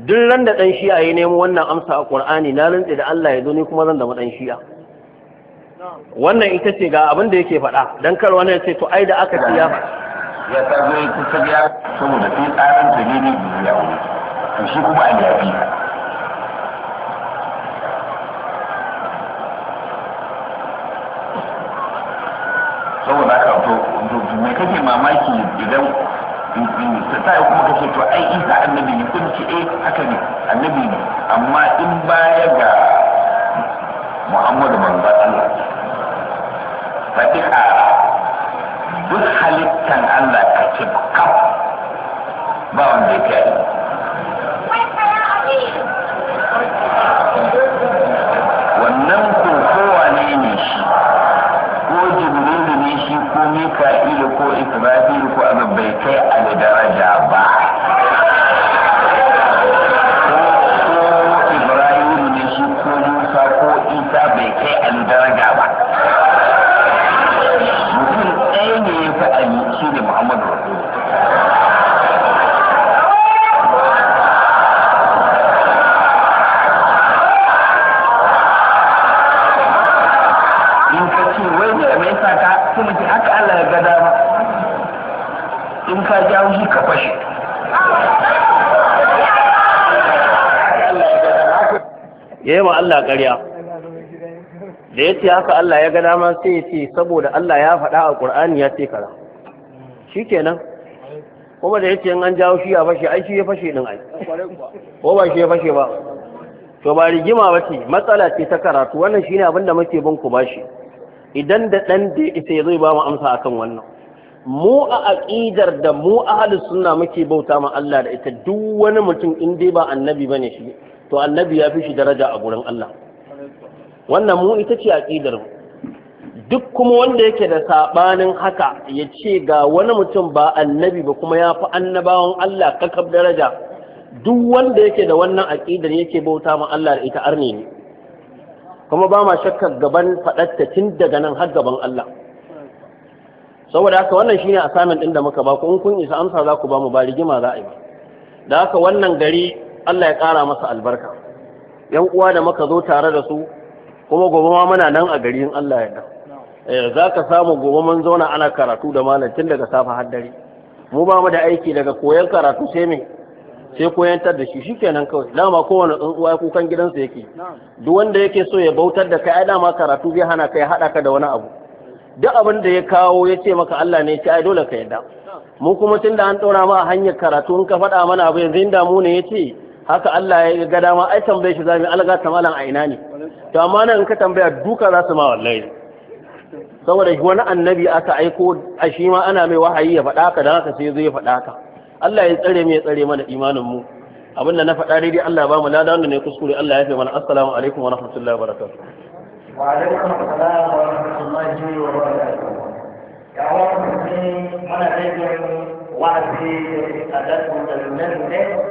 S2: duk ran da ɗan shi'a ya nemo wannan amsa a Qur'ani na rantsi da Allah ya zo ni kuma zan da ɗan shi'a wannan ita ce ga abin da yake faɗa don kar wani ya ce to ai da aka ci ya ya sabo ya ci ta biya saboda sai tsarin ta ne ne ya wuri to shi kuma an yafi saboda haka to me kake mamaki idan ta sa kuma kace to ai isa annabi ne kun ce eh haka ne annabi ne amma in baya ga muhammadu manzon Allah faɗi duk halittan Allah ka ce kaf ba wanda ya Allah ƙarya da ya ce haka Allah ya ga dama sai ya ce saboda Allah ya faɗa a Ƙur'ani ya ce kara shi kenan kuma da ya ce an jawo shi ya fashe ai shi ya fashe din ai
S3: ko ba shi ya fashe ba
S2: to ba rigima ba ce matsala ce ta karatu wannan shine abin da muke bin ku bashi idan da ɗan da ita zai ba mu amsa akan wannan mu a aƙidar da mu ahlus sunna muke bauta ma Allah da ita duk wani mutum in dai ba annabi bane shi to annabi ya fi shi daraja a gurin Allah wannan mu ita ce aqidar mu duk kuma wanda yake da sabanin haka ya ce ga wani mutum ba annabi ba kuma ya fi annabawan Allah kakab daraja duk wanda yake da wannan aqidar yake bauta ma Allah da ita arne ne kuma ba ma shakkar gaban fadatta tun daga nan har gaban Allah saboda haka wannan shine assignment ɗin da muka ba ku in kun isa amsa za ku ba mu ba rigima za a yi da haka wannan gari Allah ya ƙara masa albarka yan uwa da maka zo tare da su kuma gobe ma muna nan a garin Allah ya da eh, za ka samu gobe mun zauna ana karatu da malam tun daga safa har mu ba mu da aiki daga koyan karatu sai me sai koyantar da shi shikenan kawai dama kowane tsuntsuwa ya kukan gidansa yake duk wanda yake so ya bautar da kai ai dama karatu zai hana kai haɗa ka da wani abu duk abin da ya kawo ya ce maka Allah ne ya ce ai dole ka yadda mu kuma tun da an ɗora ma a hanyar karatu in ka faɗa mana abu yanzu inda mu ne ya ce haka Allah ya ga dama ai tambaye shi zamu alga ta malam a ina ne to amma nan in ka tambaya duka za su ma wallahi saboda wani annabi aka aiko a shi ma ana mai wahayi ya faɗa ka da haka sai zai faɗa ka Allah ya tsare mu ya tsare mana imanin mu abin da na faɗa daidai Allah ya ba mu ladan da ne kuskure Allah ya fi mana assalamu alaikum wa rahmatullahi wa barakatuh
S1: wa alaikum assalam wa rahmatullahi wa barakatuh
S3: ya wa mun mana daidai wa'azi da adatu da nan ne